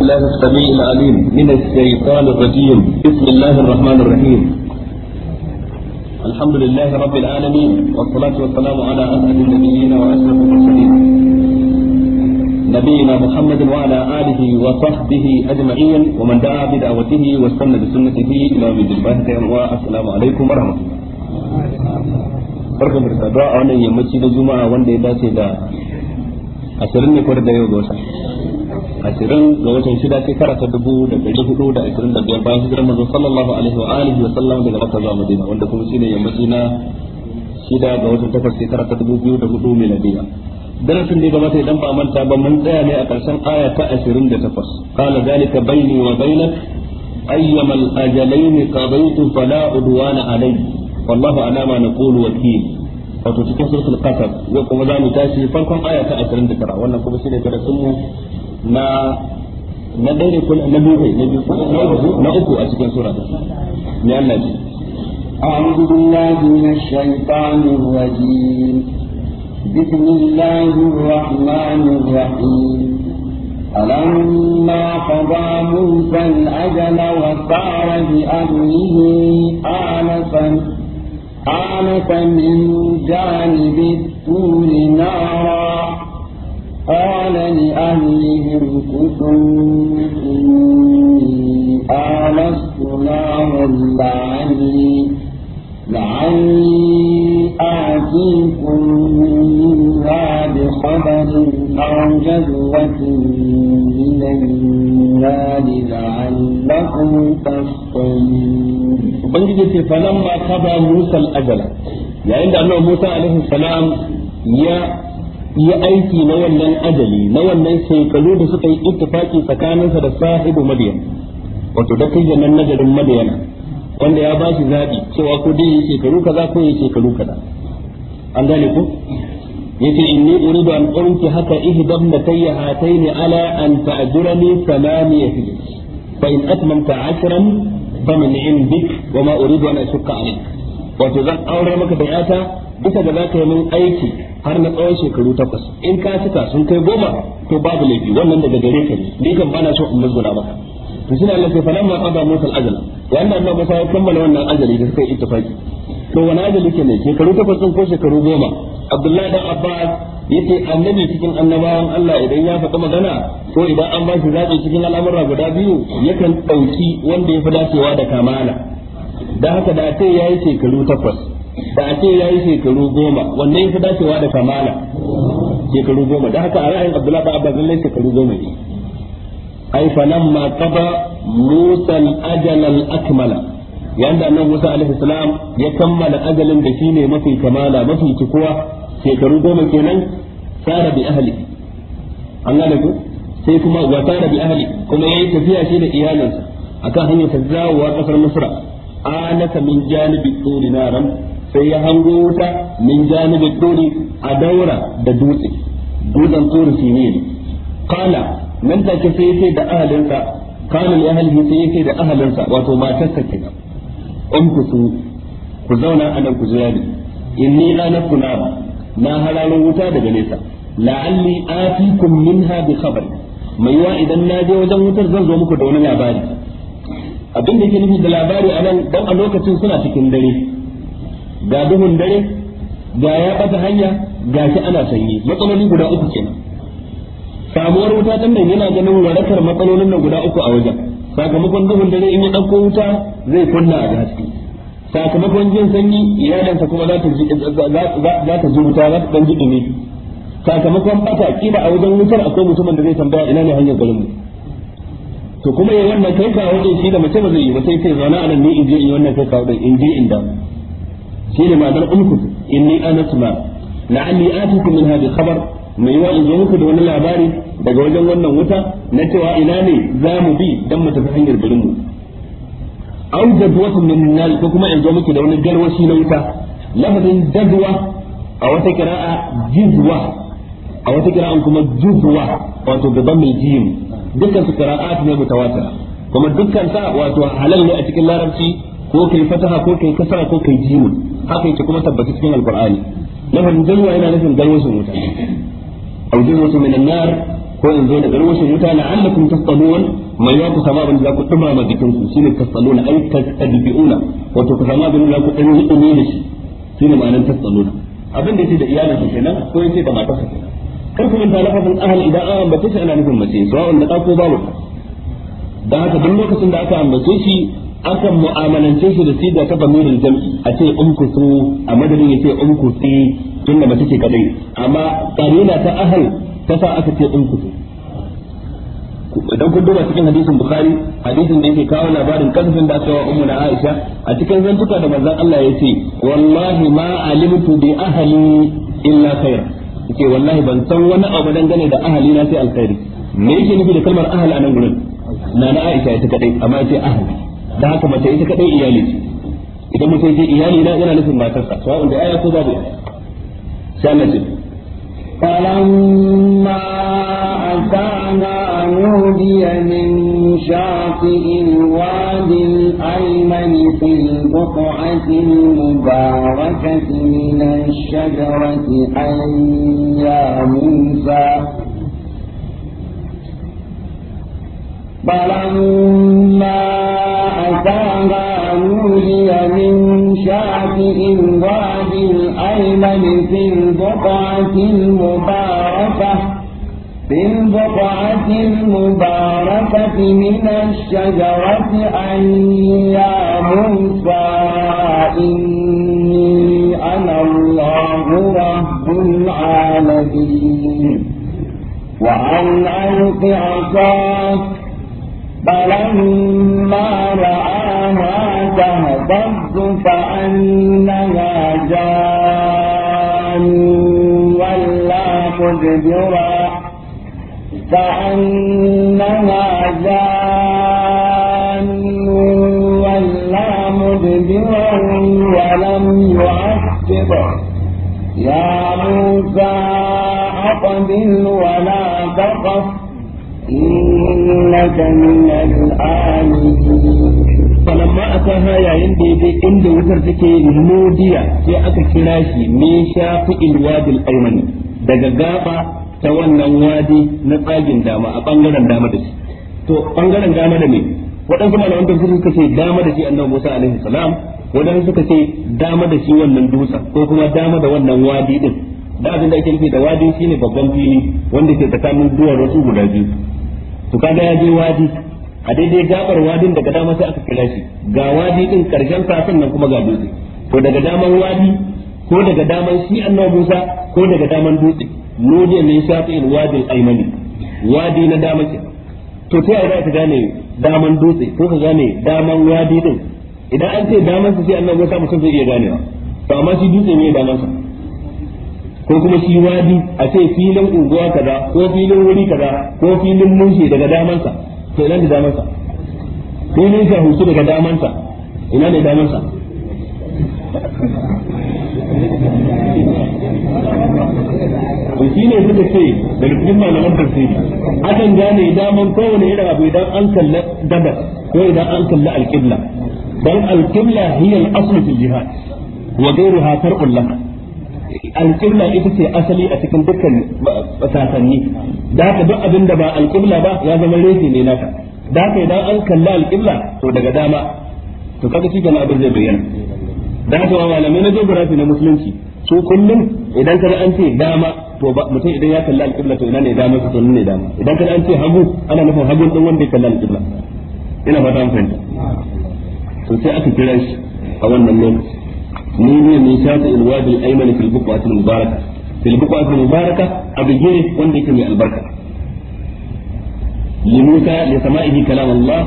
الله السميع العليم من الشيطان الرجيم بسم الله الرحمن الرحيم الحمد لله رب العالمين والصلاة والسلام على أسعد النبيين وأشرف المرسلين نبينا محمد وعلى آله وصحبه أجمعين ومن دعا بدعوته واستنى بسنته إلى يوم الدين والسلام عليكم ورحمة الله barkan da saduwa a wannan yammaci da juma'a wanda ya dace da ashirin ne kwarar da yau ga wata ashirin ga watan shida shekara ta dubu da ɗari hudu da ashirin da biyar bayan hijirar manzon sallallahu alaihi wa alihi wa sallam daga makka zuwa madina wanda kuma shine yammaci na shida ga watan takwas shekara ta dubu biyu da hudu miladiya darasin da gabata idan ba manta ba mun tsaya ne a ƙarshen aya ta ashirin da takwas qala zalika bayni wa bainak ayyama al-ajalayn qadaytu fala udwana alayhi wallahu ala ma naqulu wakil wato cikin suratul qasas yau kuma za mu tashi farkon aya ta 29 wannan kuma shine darasin mu na na ɗaya ko na biyu kai na biyu na uku a cikin sura ne Allah ce أعوذ بالله من الشيطان الرجيم بسم الله الرحمن الرحيم فلما قضى موسى الأجل وسار بأهله آنفا آنف من جانب الطول نارا قال لأهلهم كتوا إني آلست نارا لعلي لعلي آتيكم منها بخبر أو جذوة من النار لعلكم تصطلون. وبنجد فلما قضى موسى الأجل يعني أن موسى عليه السلام يا yi aiki na wannan ajali na wannan shekaru da suka yi ittifaki tsakaninsa da sahibu madiyan wato da kai nan nazarin madiyana wanda ya ba shi zabi cewa ko dai yi shekaru kaza ko yi shekaru kaza an gane ko yace inni uridu an unki haka ihdam natayya hatayn ala an ta'jurani thamaniya hijj fa in atmamta 'ashran famin indik wa ma uridu an ashqa alayk wato zan aure maka da yata ita da za ta yi min aiki har na tsawon shekaru takwas in ka cika sun kai goma to babu laifi wannan daga gare ka ne ni kan bana so in musguna maka to suna Allah sai ma qada Musa al-ajal wa Allah Musa ya kammala wannan ajali da suka yi ittifaki to wani ajali ke ne shekaru takwas din ko shekaru goma Abdullahi dan Abbas yace annabi cikin annabawan Allah idan ya faɗi magana ko idan an ba shi zaɓi cikin al'amura guda biyu yakan ɗauki wanda ya fi dacewa da kamala da haka da ta ya yi shekaru takwas da a ce yi shekaru goma Wannan ya fi dacewa da kamala shekaru goma da haka a ra'ayin abdullahi ba abbas lallai shekaru goma ne ai falamma ma musa musan ajal al-akmala yanda nan Musa alaihi salam ya kammala ajalin da shine mafi kamala mafi cikuwa shekaru goma kenan sara bi ahli an gane ku sai kuma wa sara bi ahli kuma yayi tafiya shi da iyalansa akan hanyar tazawa kasar Misra anaka min janibi turi naran sai ya hango wuta min janibi turi a daura da dutse dutsen turi ne. qala nan ke sai yake da ahalinsa kana ya ahlihi sai yake da ahalinsa wato matarsa kenan um ku su ku zauna nan ku jira ni inni la nakuna na halalun wuta daga nesa la'alli atikum minha bi khabar mai wa idan na je wajen wutar zan zo muku da wani labari abin da ke nufi da labari nan dan a lokacin suna cikin dare ga duhun dare ga ya bata hanya ga shi ana sanyi matsaloli guda uku kenan samuwar wuta din nan yana ganin warakar matsalolin nan guda uku a wajen sakamakon duhun dare in ya dauko wuta zai kunna a gaske sakamakon jin sanyi iyalansa kuma za ta ji za ta ji wuta za ta dan ji dumi sakamakon bata kila a wajen wutar akwai mutumin da zai tambaya ina ne hanyar garin mu to kuma yayin wannan kai ka din shi da mace ba zai yi ba sai sai zauna nan ne in je in wannan kai ka din in je in da shine dan umkut inni anasu ma la'alli atikum min hadhihi khabar mai yiwa in zo muku da wani labari daga wajen wannan wuta na cewa ina ne za mu bi dan mu tafi hanyar garin mu aw jadwatun min nar ko kuma in zo muku da wani garwashi na wuta lafazin jadwa a wata kira'a jizwa a wata kira'an kuma juzwa wato gaban mai jim dukkan su kira'at ne mutawatira kuma dukkan sa wato halal ne a cikin larabci ko kai fataha ko kai kasara ko kai jimu haka yake kuma tabbata cikin alqur'ani lafazin jalwa ina nufin garwashin wuta aw jalwatu minan nar ko in zo da garwashin wuta la'allakum tasqalun mai ya ku sama ban za ku dumama jikin ku shine tasqaluna ay tadbiuna wato ku sama ban za ku dan yi dumi da shi shine ma'anar tasqaluna abin da yake da iyalin sa kenan ko yake da matar sa kenan kar ku manta lafazin ahal idan an ambace shi ana nufin mace sawa'un da ko babu da haka duk lokacin da aka ambace shi akan mu'amalance shi da siga ta bamirin jam'i a ce umkusu a madadin ya ce umkusi tunda mace ce kadai amma karina ta ahal ta sa aka ce umkusu idan kun duba cikin hadisin bukhari hadisin da yake kawo labarin kasafin da aka ummu na aisha a cikin zantuka da manzon Allah ya ce wallahi ma alimtu bi ahli illa khair yace wallahi ban san wani abu dangane da ahli na sai alkhairi me yake nufi da kalmar ahli a nan gurin na na aisha ita kadai amma yace ahli da haka mace ita kadai iyali ce idan mutum ce iyali na yana nufin matarsa sawa'un da aya ko babu sai Allah ce فلما أتانا نودي من شاطئ الواد الأيمن في البقعة المباركة من الشجرة أن يا موسى فلما أتاها نودي من شاطئ الوادي الأيمن في البقعة المباركة في البقعة المباركة من الشجرة أن يا موسى إني أنا الله رب العالمين وأن ألق عصاك فلما رآها تهتز كأنها جان ولا مدبرا كأنها جان ولا مدبرا ولم يعقب يا موسى أقبل ولا تقف إنك من الآمنين فلما أتاها يا يندي دي عند وزرتك aka في أكتراشي من شافئ الوادي الأيمن دقاقا ta wannan wadi na tsagin dama a bangaren dama da shi to bangaren dama da me waɗansu malaman tafsir suka ce dama da shi annabi Musa alaihi salam waɗansu suka ce dama da shi wannan dutsen ko kuma dama da wannan wadi din ba abin da ake nufi da wadi shine babban fili wanda ke tsakanin duwar wasu guda biyu to kaga ya je wadi a daidai gabar wadin daga dama sai aka kira shi ga wadi din karshen sa nan kuma ga dutse to daga daman wadi ko daga daman shi annabi Musa ko daga daman dutse nodiya min shafi'il wadi al-aymani wadi na dama ce to sai ai ka gane daman dutse ko ka gane daman wadi din idan an ce daman su sai annabi Musa mutum zai iya ganewa to amma shi dutse ne daman sa ko kuma shi wadi a ce filin unguwa kaza ko filin wuri kaza ko filin munshi daga damansa to ina da damansa filin shahusu daga damansa ina da damansa to shi ne suka ce daga cikin malaman tafsiri akan gane daman kowane irin abu idan an kalla gabas ko idan an kalla alƙibla, don alƙibla hiya al-asl fi jihad wa ghayruha far'un lak alƙibla ita ce asali a cikin dukkan sasanni da haka duk abin da ba alƙibla ba ya zama reshe ne naka da haka idan an kalla alƙibla to daga dama to kaga shi kenan abin zai bayyana da haka wa malamai na geography na musulunci su kullum idan kada an ce dama to ba mutum idan ya kalla alƙibla to ina ne dama to ne dama idan kada an ce hagu ana nufin hagun din wanda ya kalla alƙibla ina fata an fahimta to sai aka kira shi a wannan lokaci من هي ميثاق الوادي الأيمن في البقعة المباركة في wanda المباركة mai albarka. من Musa لموسى لسمائه كلام الله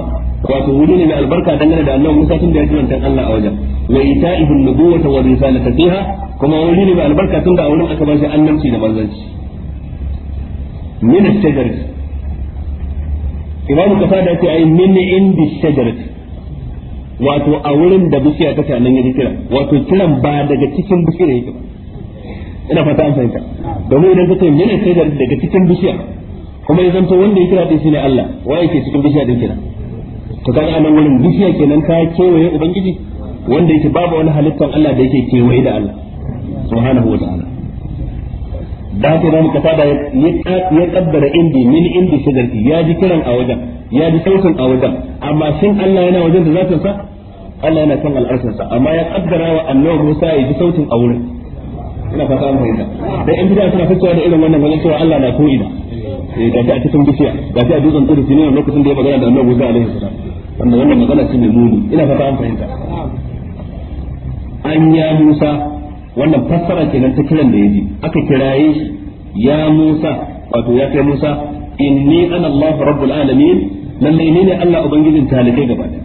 wato wuri ne mai albarka dangane da annabi Musa tun da ya kiran dan Allah a wajen wa ita'ihi nubuwata wa risalata fiha kuma wuri ne mai albarka tun da a wurin aka ba shi annabci da manzanci min ash-shajarati imamu kasada yace ai min indi ash-shajarati wato a wurin da bishiya ta nan ya ji kira wato kiran ba daga cikin bishiya yake ina fata an fahimta domin idan kace yana daga cikin bishiya kuma ya zanto wanda ya kira din shine Allah wa yake cikin bishiya din kira to kaga anan wurin bishiya kenan ka kewaye ubangiji wanda yake babu wani halittar Allah da yake kewaye da Allah subhanahu wa ta'ala da haka imamu kasada ya kaddara indi min indi shigarti ya ji kiran a wajen ya ji sautin a wajen amma shin Allah yana wajen da zatin sa Allah yana kan al'arshin sa amma ya kaddara wa annabi Musa ya ji sautin a wurin ina fata an fahimta da in bid'a suna fitowa da irin wannan wajen cewa Allah na ko da. Eh, ga ta a cikin bishiya ga ta a dutsen kudu ne lokacin da ya magana da annabi Musa alaihi salam wanda wannan magana ce mai muni ina fata an fahimta an ya Musa wannan fassara kenan ta kiran da yaji aka kira shi ya Musa wato ya kai Musa inni ana Allahu rabbul alamin lalle ni ne Allah ubangijin talibai gaba da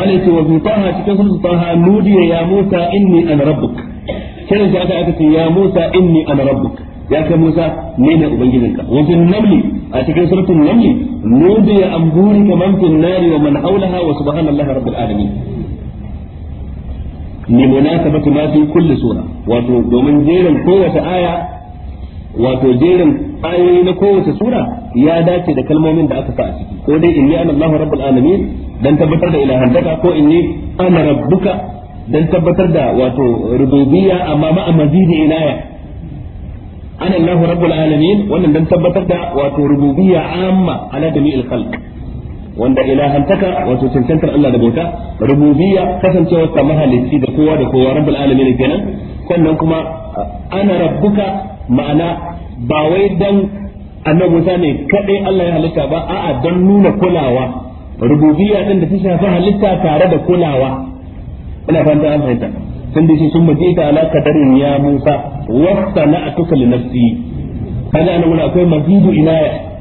malaka wa fi taha cikin sunan taha nudiya ya Musa inni ana rabbuk kiran shi aka aka ce ya Musa inni ana rabbuk ya kai Musa ne ne ka wajen namli a cikin suratul namli nudiya fil nari wa man hawlaha wa subhanallahi alamin li munasabati ma fi kulli sura wato domin jerin kowace aya wato jerin ayoyi na kowace sura ya dace da kalmomin da aka sa ciki ko dai inni ana Allahu rabbul alamin dan tabbatar da ilahan daga ko inni ana rabbuka dan tabbatar da wato rububiyya amma ma inaya ana Allahu dan tabbatar da wato rububiyya amma ala jami'il wanda ilahantaka wato cancantar Allah da bauta rububiyya kasancewa ka mahalicci da kowa da kowa rabbul alamin kenan sannan kuma ana rabbuka ma'ana ba wai dan annabi Musa ne kadai Allah ya halitta ba a'a dan nuna kulawa rububiyya din da ta shafi halitta tare da kulawa ina fanta an fahimta sun dace sun maji ta ala kadarin ya Musa wa sana'atuka li nafsi kaga anan akwai mazidu inaya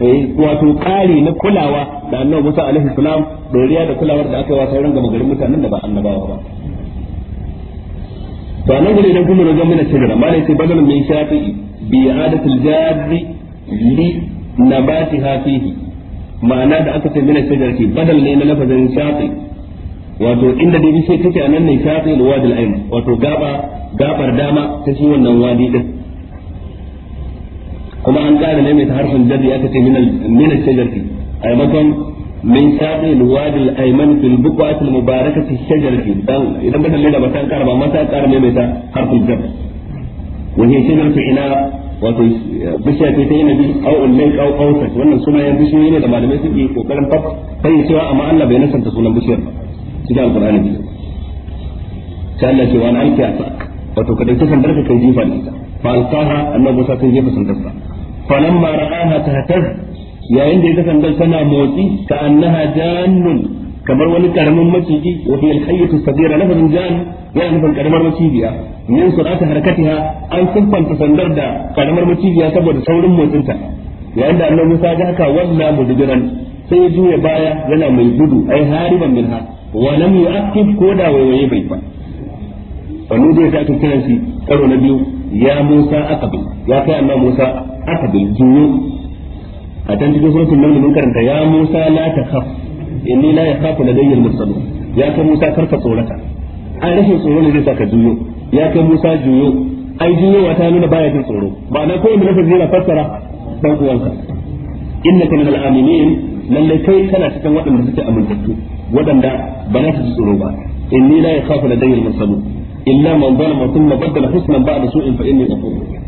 Eh, wato ƙari na kulawa da annabi Musa alaihi salam doriya da kulawar da aka yi wa sauran gama garin mutanen da ba annabawa ba to anan gure idan kuma rogan mina shajara malai sai badal mai shafi'i bi adatul jarri li nabati hafihi ma'ana da aka ce mina ki badal ne na lafazin shafi wato inda dai bishe take anan ne shafi alwadi al-ayn wato gaba gabar dama ta shi wannan wadi din kuma an gane ne mai ta harfin dadi aka ce min al-shajarati ay makon min sa'i al-wadi al-ayman fil buqati al-mubarakati shajarati dan idan ba dalila ba ta kar ba mata kar ne mai ta harfin dad wa hiya shajaratu ina wato bishiya ce ta yi nabi aw ullai qaw ausat wannan suna yan bishiyoyi ne da malamai suke kokarin fa sai cewa amma Allah bai nasanta sunan bishiyar ba cikin alqur'ani sai Allah ce wa an alkiya wato ka dauki sandar ka kai jifa ne ta fa alqaha annabi Musa sai jefa sandarsa falamma ra'aha tahtaz yayin da ya kasance tana motsi ka annaha jannun kamar wani karamin maciji wa fi alhayyatu sabira lafazin jan yana nufin karamar macijiya min surata harakatiha an siffanta sandar da karamar macijiya saboda saurin motsinta yayin da annabi Musa ga haka walla mudbiran sai ya juya baya yana mai gudu ai hariba minha wa lam yu'aqib ko da waiwaye bai ba wannan da ya ta kiran shi karo na biyu ya Musa aqbi ya kai annabi Musa akadin juyo a can cikin mun karanta ya Musa la takhaf inni la yakhafu mursalun ya kai Musa karka tsorata rashin tsoro ne zai saka juyo ya kai Musa juyo ai juyowa ta nuna baya jin tsoro ba na kowane lafazi yana fassara dan uwanka innaka min al-aminin lalle kai kana cikin waɗanda suke amintattu waɗanda ba za su ji tsoro ba inni la yakhafu ladayya al-mursalun illa man zalama thumma badala husnan ba'da su'in fa inni ghafurur rahim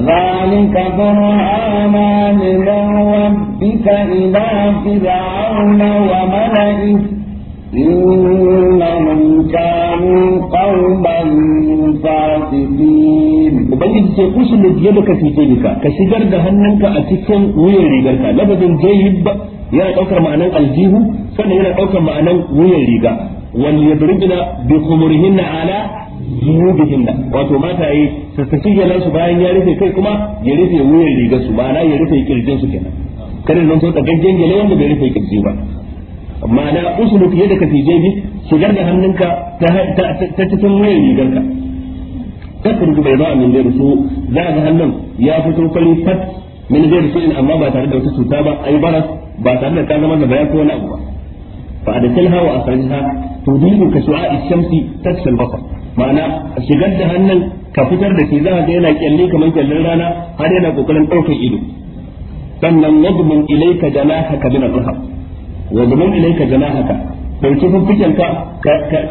Za a nika fara a nama da yawa, bisa ina sida a unawa mana isa, ina zuncamo ce kusa daga yadda ka fi girka ka shigar da hannunka a cikin wuyar rigar ka. Laba don je yi ba ya ɗaukar ma'anar aljihu, sannan yana ɗaukar ma'anar wuyan riga. Wani ya fi rinta duk umarhin na ala? zunubihin da wato mata yi su su shige su bayan ya rufe kai kuma ya rufe wuyan riga su ma'ana ya rufe kirjin su kenan kada nan sun tsaka jin gele wanda bai rufe kirji ba ma'ana usulu fiye da kafi jebi shigar da hannunka ta cikin wuyan rigar ka kafin ku bai a min da su za ga hannun ya fito fari fat min da su in amma ba tare da wata cuta ba ai bara ba tare da ka zama da bayan ko wani abu ba fa adatil hawa asalha tudilu ka su'a'i shamsi tasal basar ma'ana shigar da hannun ka fitar da shi za ga yana kyalle kamar kyallin rana har yana kokarin ɗaukar ido sannan wadmun ilayka janahaka min ar-rahab wadmun ilayka janahaka dauki fuffuken ka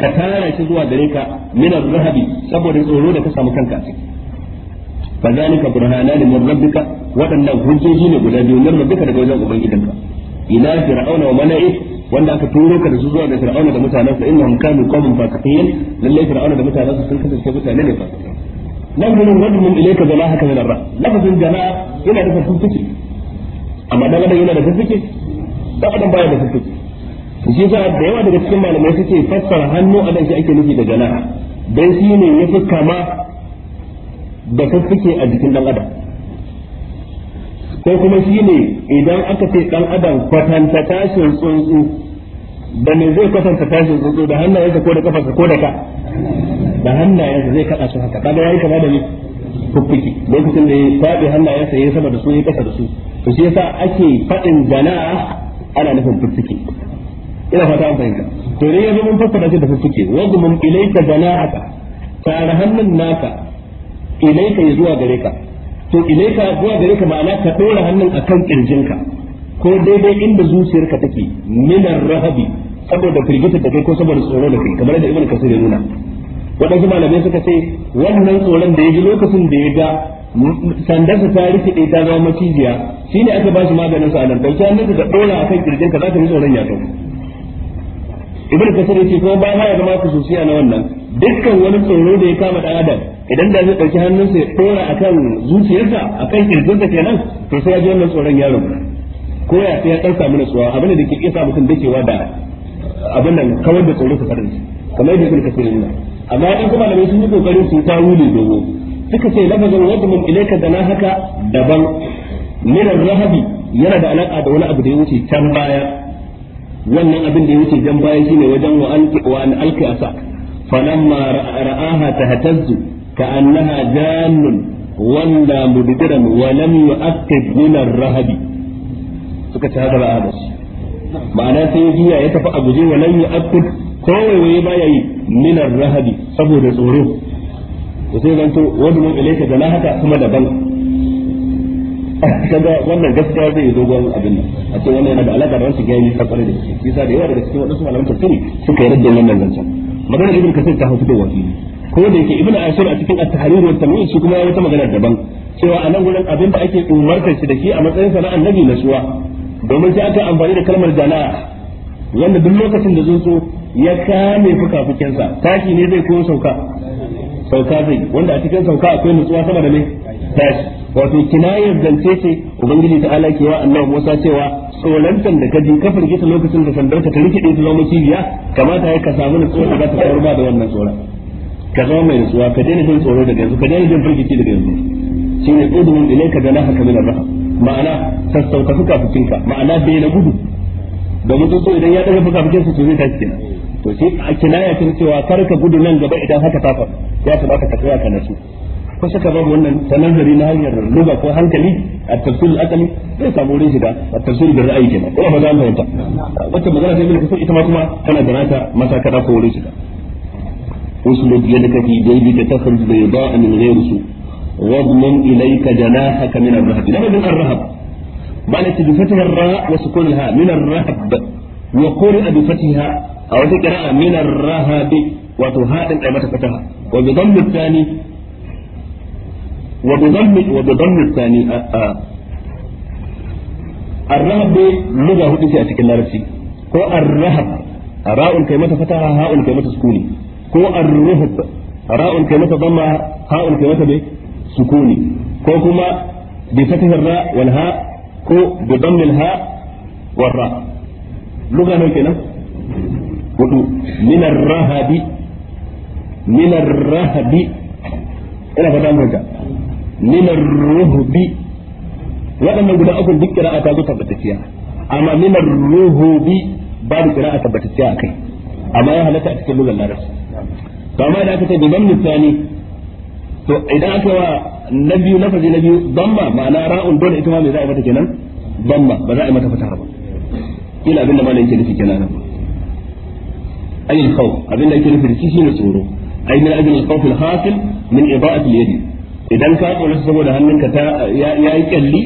ka tara shi zuwa gare ka min ar-rahabi saboda tsoro da ka samu kanka ni ka fa zalika burhanani min rabbika wadannan hujjoji ne guda biyu min rabbika daga wajen ubangidanka ila fir'auna wa mala'ik wanda aka turo ka da su zuwa ga fir'auna da mutanen sa innahum kanu qawman fasiqin lalle fir'auna da mutanen sa sun kasance mutane ne fasiqin nan gurin mun ilayka haka min ar-ra lafazin jana'a yana da fiki amma dan adam yana da fiki da adam baya da fiki to shi yasa da yawa daga cikin malamai suke fassara hannu a dan shi ake nufi da jana'a dan shi ne yafi kama da fiki a jikin dan adam ko kuma shine idan aka ce ɗan adam kwatanta tashin tsuntsu da me zai kwatanta tashin tsuntsu da hannayensa ko da kafarsa ko da ka da hannayensa zai kaɗa su haka kaga yayi kama da ni fuffuki lokacin da ya faɗi hannayensa ya sama da su ya kasa da su to shi yasa ake faɗin gana ana nufin fuffuki ina fata an fahimta to dai yanzu mun fassara shi da fuffuki wanda mun ilaika haka tare hannun naka ilaika ya zuwa gare ka to ka zuwa gare ka ma'ana ka ɗora hannun akan kirjinka ko daidai inda zuciyarka take minar rahabi saboda firgita da kai ko saboda tsoro da kai kamar da ibn kasir ya nuna waɗansu malamai suka ce wannan tsoron da ya ji lokacin da ya ga sandarsa ta rikide ta zama macijiya shine aka ba shi maganin sa anan dauki hannun da dora akan za ka zaka yi tsoron ya dauka ibn kasir ya ce ko ba ya zama ku na wannan dukkan wani tsoro da ya kama da adam idan da zai ɗauki hannunsa ya tsora a kan zuciyarsa a kan ke kenan to sai ya ji wannan tsoron yaron ko ya sai ya ɗan samu nutsuwa abin da ke iya sa mutum dakewa da abin nan kawar da tsoron su farin kamar yadda suka sani na. amma in kuma da sun yi kokarin su ta wuli dogo suka ce lafazin wadda mun ilaika da na haka daban minan rahabi yana da alaƙa da wani abu da ya wuce can baya wannan abin da ya wuce can baya shine wajen wa'an alƙiyasa alki asa falamma ra'aha tahtazzu كأنها جان ولا مدبرا ولم يؤكد من الرهب سكت هذا بآلس معناه سيجي يتفق أبوزي ولم يؤكد kowai waye baya yi minar rahabi saboda tsoro to sai zanto wani mun ilaika da haka kuma daban kaga wannan gaskiya zai zo dogon abin nan a ce wannan yana da alaka da wancan yayi ta kwarai da shi yasa da yawa daga cikin wadansu malaman tafsiri suka yarda da wannan zancen magana ibn kasir ta hafi da wakili ko da yake ibnu asir a cikin at-tahrir wa tamyiz shi kuma ya wata magana daban cewa a nan gurin abinda ake umartar shi da shi a matsayin sa na annabi nasuwa domin sai aka amfani da kalmar jana'a wanda duk lokacin da tsuntsu ya kame sa tashi ne zai ko sauka sauka zai wanda a cikin sauka akwai nutsuwa sama da mai tashi wato kinayar zance ce ubangiji ta ala kewa annabi Musa cewa tsolantan da kaji ka fargita lokacin da sandarka ta rikide ta zama ya kamata ya ka samu nutsuwa da za ta kawar da wannan tsoron ka zama mai nutsuwa ka daina jin tsoro daga yanzu ka daina jin firgici daga yanzu ne udhum ilayka janahaka haka mina raha ma'ana sassauta fukafukinka ma'ana na gudu domin so idan ya fuka fukafukin su zai tashi kenan to sai a ya kan cewa kar ka gudu nan gaba idan haka ta ya ya kamata ka tsaya ka nasu ko saka ba wannan ta nazari na hanyar lugha ko hankali a tafsir akali zai samu wurin shiga a tafsir da ra'ayi kenan ko ba za mu yanta wacce magana sai mun kusa ita ma kuma tana da nata masa kada ko wurin shiga أسلب يدك في جيبك تخرج بيضاء من غير سوء واضمم إليك جناحك من الرهب لا من الرهب بل بفتح الراء وسكونها من الرهب وقرئ بفتحها أو ذكر من الرهب وتهاء أي فتحها وبضم الثاني وبضم وبضم الثاني آآ آآ الرهب لغة هدسة أتكلم نفسي هو الرهب راء كلمة فتحها هاء كلمة سكوني ko ar-ruhb ra'un kai mata dhamma ha'un kai mata bi sukuni ko kuma bi fathih ar-ra wal ha ko bi dhammi al-ha wal ra lugha ne kenan wato min ar-rahabi min ar-rahabi ina fata mun ta min ar-ruhbi waɗannan guda uku duk kira'a ta zo tabbatacciya amma min ar-ruhbi babu kira'a tabbatacciya akai amma ya halatta a cikin lugar larabci to amma idan aka ce bidan misali to idan aka wa na biyu na lafazi na biyu damma ma'ana ra'un dole ita ma me za a yi mata kenan damma ba za a yi mata fata ba kila abinda malamin ke nufi kenan ayyul khawf abinda yake nufi shi shine tsoro ay min ajli al-khawf al-hasil min ida'ati al-yadi idan ka tsoro saboda hannunka ta ya yi kalli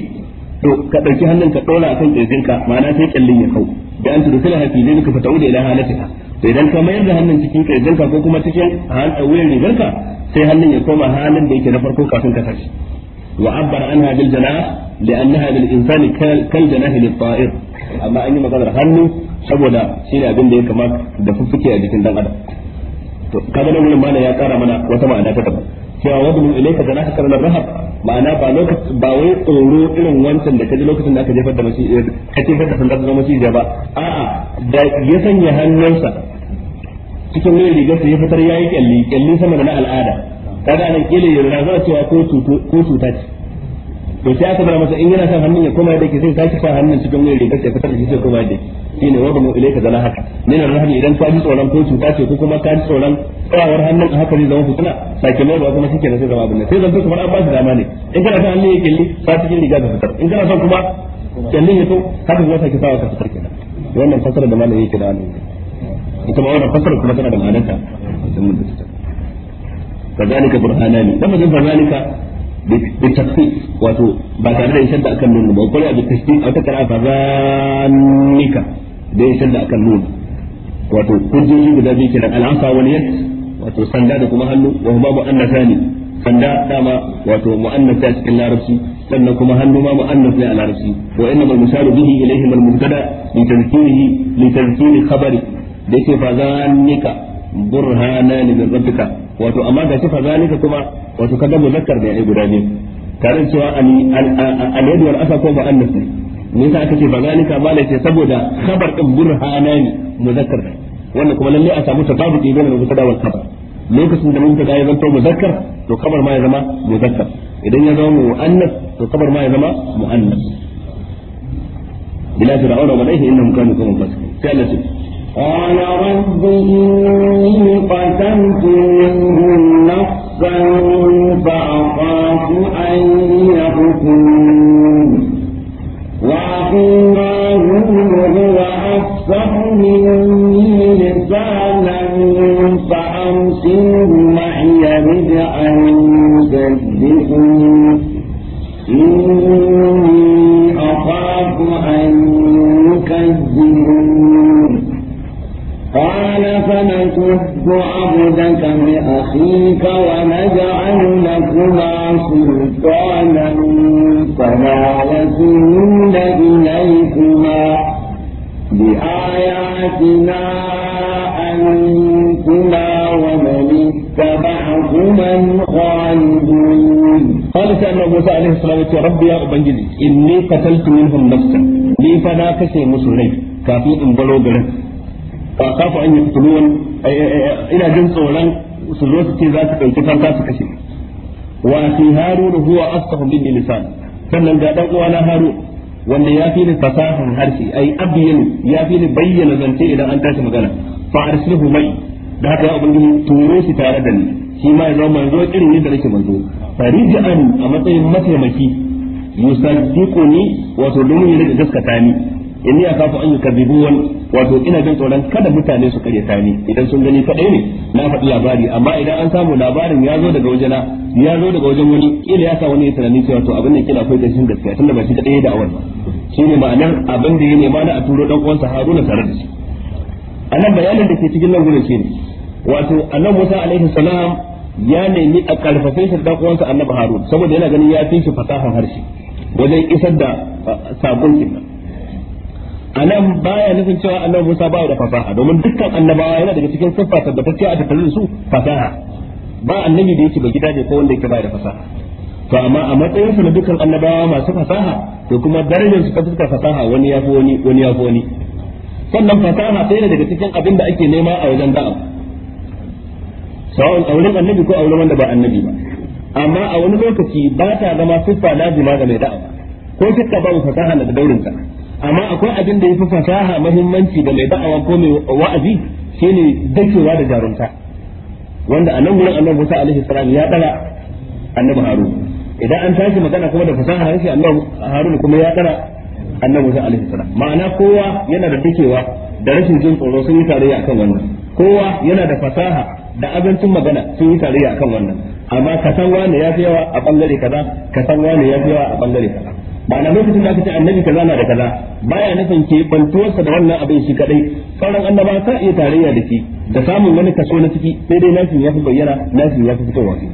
to ka dauki hannun ka dora akan kirjinka ma'ana sai kyallin ya hau da an tudu sila hafi ka fita wuda ila halatiha to idan ka mayar da hannun cikin kirjinka ko kuma cikin wuyan rigarka sai hannun ya koma halin da yake na farko kafin ka tashi wa abbar jana da janah li'annaha lil insani kan jana lit ta'ir amma an yi maganar hannu saboda ne abin da ya kamata da fuffuke a jikin dan adam to kaga nan mun mana ya kara mana wata ma'ana ta daban cewa wadda ilaika da naka karnar rahab ma'ana ba lokaci ba wai tsoro irin wancan da kaji lokacin da aka jefar da mashi eh, ka jefar da sandar da mashi ba a'a da ya sanya hannunsa cikin wani rigar sa ya fitar ya yi kyalli kyalli sama da na al'ada kaga anan kila ya za cewa ko cuta ce to sai aka bar masa in yana sa hannun ya koma yadda ke sai sake sa hannun cikin wuyan rigar sai fitar da shi sai koma yadda shi ne wanda mu ka zana haka ne na rahani idan ka ji tsoron ko cuta ce ko kuma ka ji tsoron tsawar hannun a haka zai zama fitina sake mai ba kuma shike sai zama abin nan sai zanto kamar an ba shi dama ne in kana sa hannun ya kelli sa cikin riga ka fitar in kana son kuma kyallin ya to haka zai sake sa ka fitar kenan wannan fasara da malami yake da wannan ita ma wannan fasara kuma tana da ma'anarta da mun da ta كذلك برهانان لما ka. bi tafsir ba tare da isar da akan nuna ba ko da tashdi a ta kara fa zannika da isar da akan nuna wato hujjoji guda biyu kenan al'afa wal yad wato sanda da kuma hannu wa babu annasani sanda dama wato mu'annas ta cikin larabci sannan kuma hannu ma mu'annas ne a larabci wa inna al misalu bihi ilayhi al mubtada li tazkirihi li tazkiri da yake fa zannika burhanani min wato amma ga shi fazalika kuma wato kaga muzakkar da ya guda biyu tare da cewa al-yad wal asa ko mu'annas ne mun sa aka ce ba fazalika ma lace saboda khabar din burhanani muzakkar ne wannan kuma lalle a samu tababuki bayan al-mubtada wal khabar lokacin da mun ta ya zanto muzakkar to kabar ma ya zama muzakkar idan ya zama mu'annas to kabar ma ya zama mu'annas bila fir'auna wa malaihi innahum kanu qawman fasiqin sai Allah قال رب إني قتلت منهم نفسا فأخاف أن يقتلون وأخي هارون هو أفصح مني لسانا فأرسله معي بدءا يسبحني نكف عبدك من أخيك ونجعل لكما سلطانا فلا يكون إليكما بآياتنا أنتما ومن اتبعكما الخالدون قال سيدنا موسى عليه الصلاة والسلام ربي يا أبنجلي إني قتلت منهم نفسا لي فلا كسي مسلمين kafin in balo garin ka fa kafu an yaqtulun ina jin tsoron su zo su ce za su dauki fanka su kashe wa fi haruna huwa afsahu min lisan sannan ga dan uwana haru. wanda ya fi ni fasahan harshe ai abyin ya fi ni bayyana zance idan an tashi magana fa arsilhu mai da haka ya ubangiji turo shi tare da ni shi ma ya zama manzo irin yadda nake manzo farija'an a matsayin mataimaki yusaddiquni wato domin ya daga gaskata ni inni akafu an yukadzibun wato ina jin tsoron kada mutane su karyata ni idan sun gani kadai ne na faɗi labari amma idan an samu labarin ya zo daga wajena ya zo daga wajen wani kila ya sa wani ya tunani cewa to abin da kila akwai shin gaskiya tunda ba shi kadai da awal ba shine ma'anar abin da ya nema na a turo dan uwansa Haruna tare da shi anan bayanin da ke cikin nan gurin shine wato annabi Musa alaihi salam ya nemi a karfafe shi dan uwansa annabi Harun saboda yana ganin ya fi shi fasahar harshe wajen isar da ah, sabon kinnan anan baya nufin cewa annabi Musa baya da fasaha domin dukkan annabawa yana daga cikin siffa tabbatacciya a tattare su fasaha ba annabi da yake ba gida ne ko wanda yake baya da fasaha to amma a matsayin su na dukkan annabawa masu fasaha to kuma darajar su ta dukkan fasaha wani yafi wani wani yafi wani sannan fasaha sai ne daga cikin abin da ake nema a wajen da'a sawa'un auren annabi ko auren wanda ba annabi ba amma a wani lokaci ba ta zama siffa lazima ga mai da'a ko kika babu fasaha na da ka. amma akwai abin da yafi fasaha muhimmanci da mai da'awa ko mai wa'azi shine dakewa da jarumta wanda a nan gurin annabi Musa alaihi salam ya dara annabi Harun idan an tashi magana kuma da fasaha harshe annabi Harun kuma ya dara annabi Musa alaihi salam ma'ana kowa yana da dakewa da rashin jin tsoro sun yi tarayya akan wannan kowa yana da fasaha da abincin magana sun yi tarayya akan wannan amma ka san wani ya fi yawa a bangare kaza ka san wani ya fi yawa a bangare kaza ma'ana lokacin da aka ce annabi kaza na da kaza baya nufin ke bantuwarsa da wannan abin shi kadai sauran annaba ka iya tarayya da shi da samun wani kaso na ciki sai dai nasin ya fi bayyana nasin ya fi fitowa shi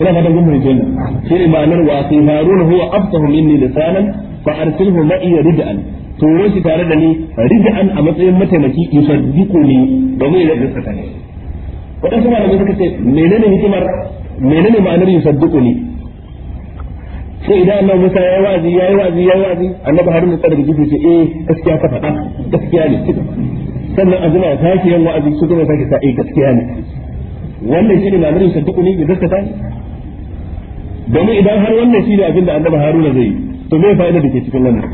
ina fatan kun fahimci wannan shi ne ma'anar wa sai harun huwa afsahu minni lisanan fa arsilhu ma'i rid'an turo shi tare da ni rid'an a matsayin mataimaki yusaddiqu ni domin ya rage ne wadansu malamai suka ce menene hikimar menene ma'anar yusaddiqu ni sai idan annabi Musa ya yi wa'azi ya yi wa'azi ya yi wa'azi annabi Harun ya da gidi ce eh gaskiya ka faɗa gaskiya ne kika sannan azuma ya sake yan wa'azi su kuma sake sa eh gaskiya ne wannan shine lamarin sa duk ne zaka ta domin idan har wannan shine abin da annabi Haruna zai yi to me fa'ida da ke cikin wannan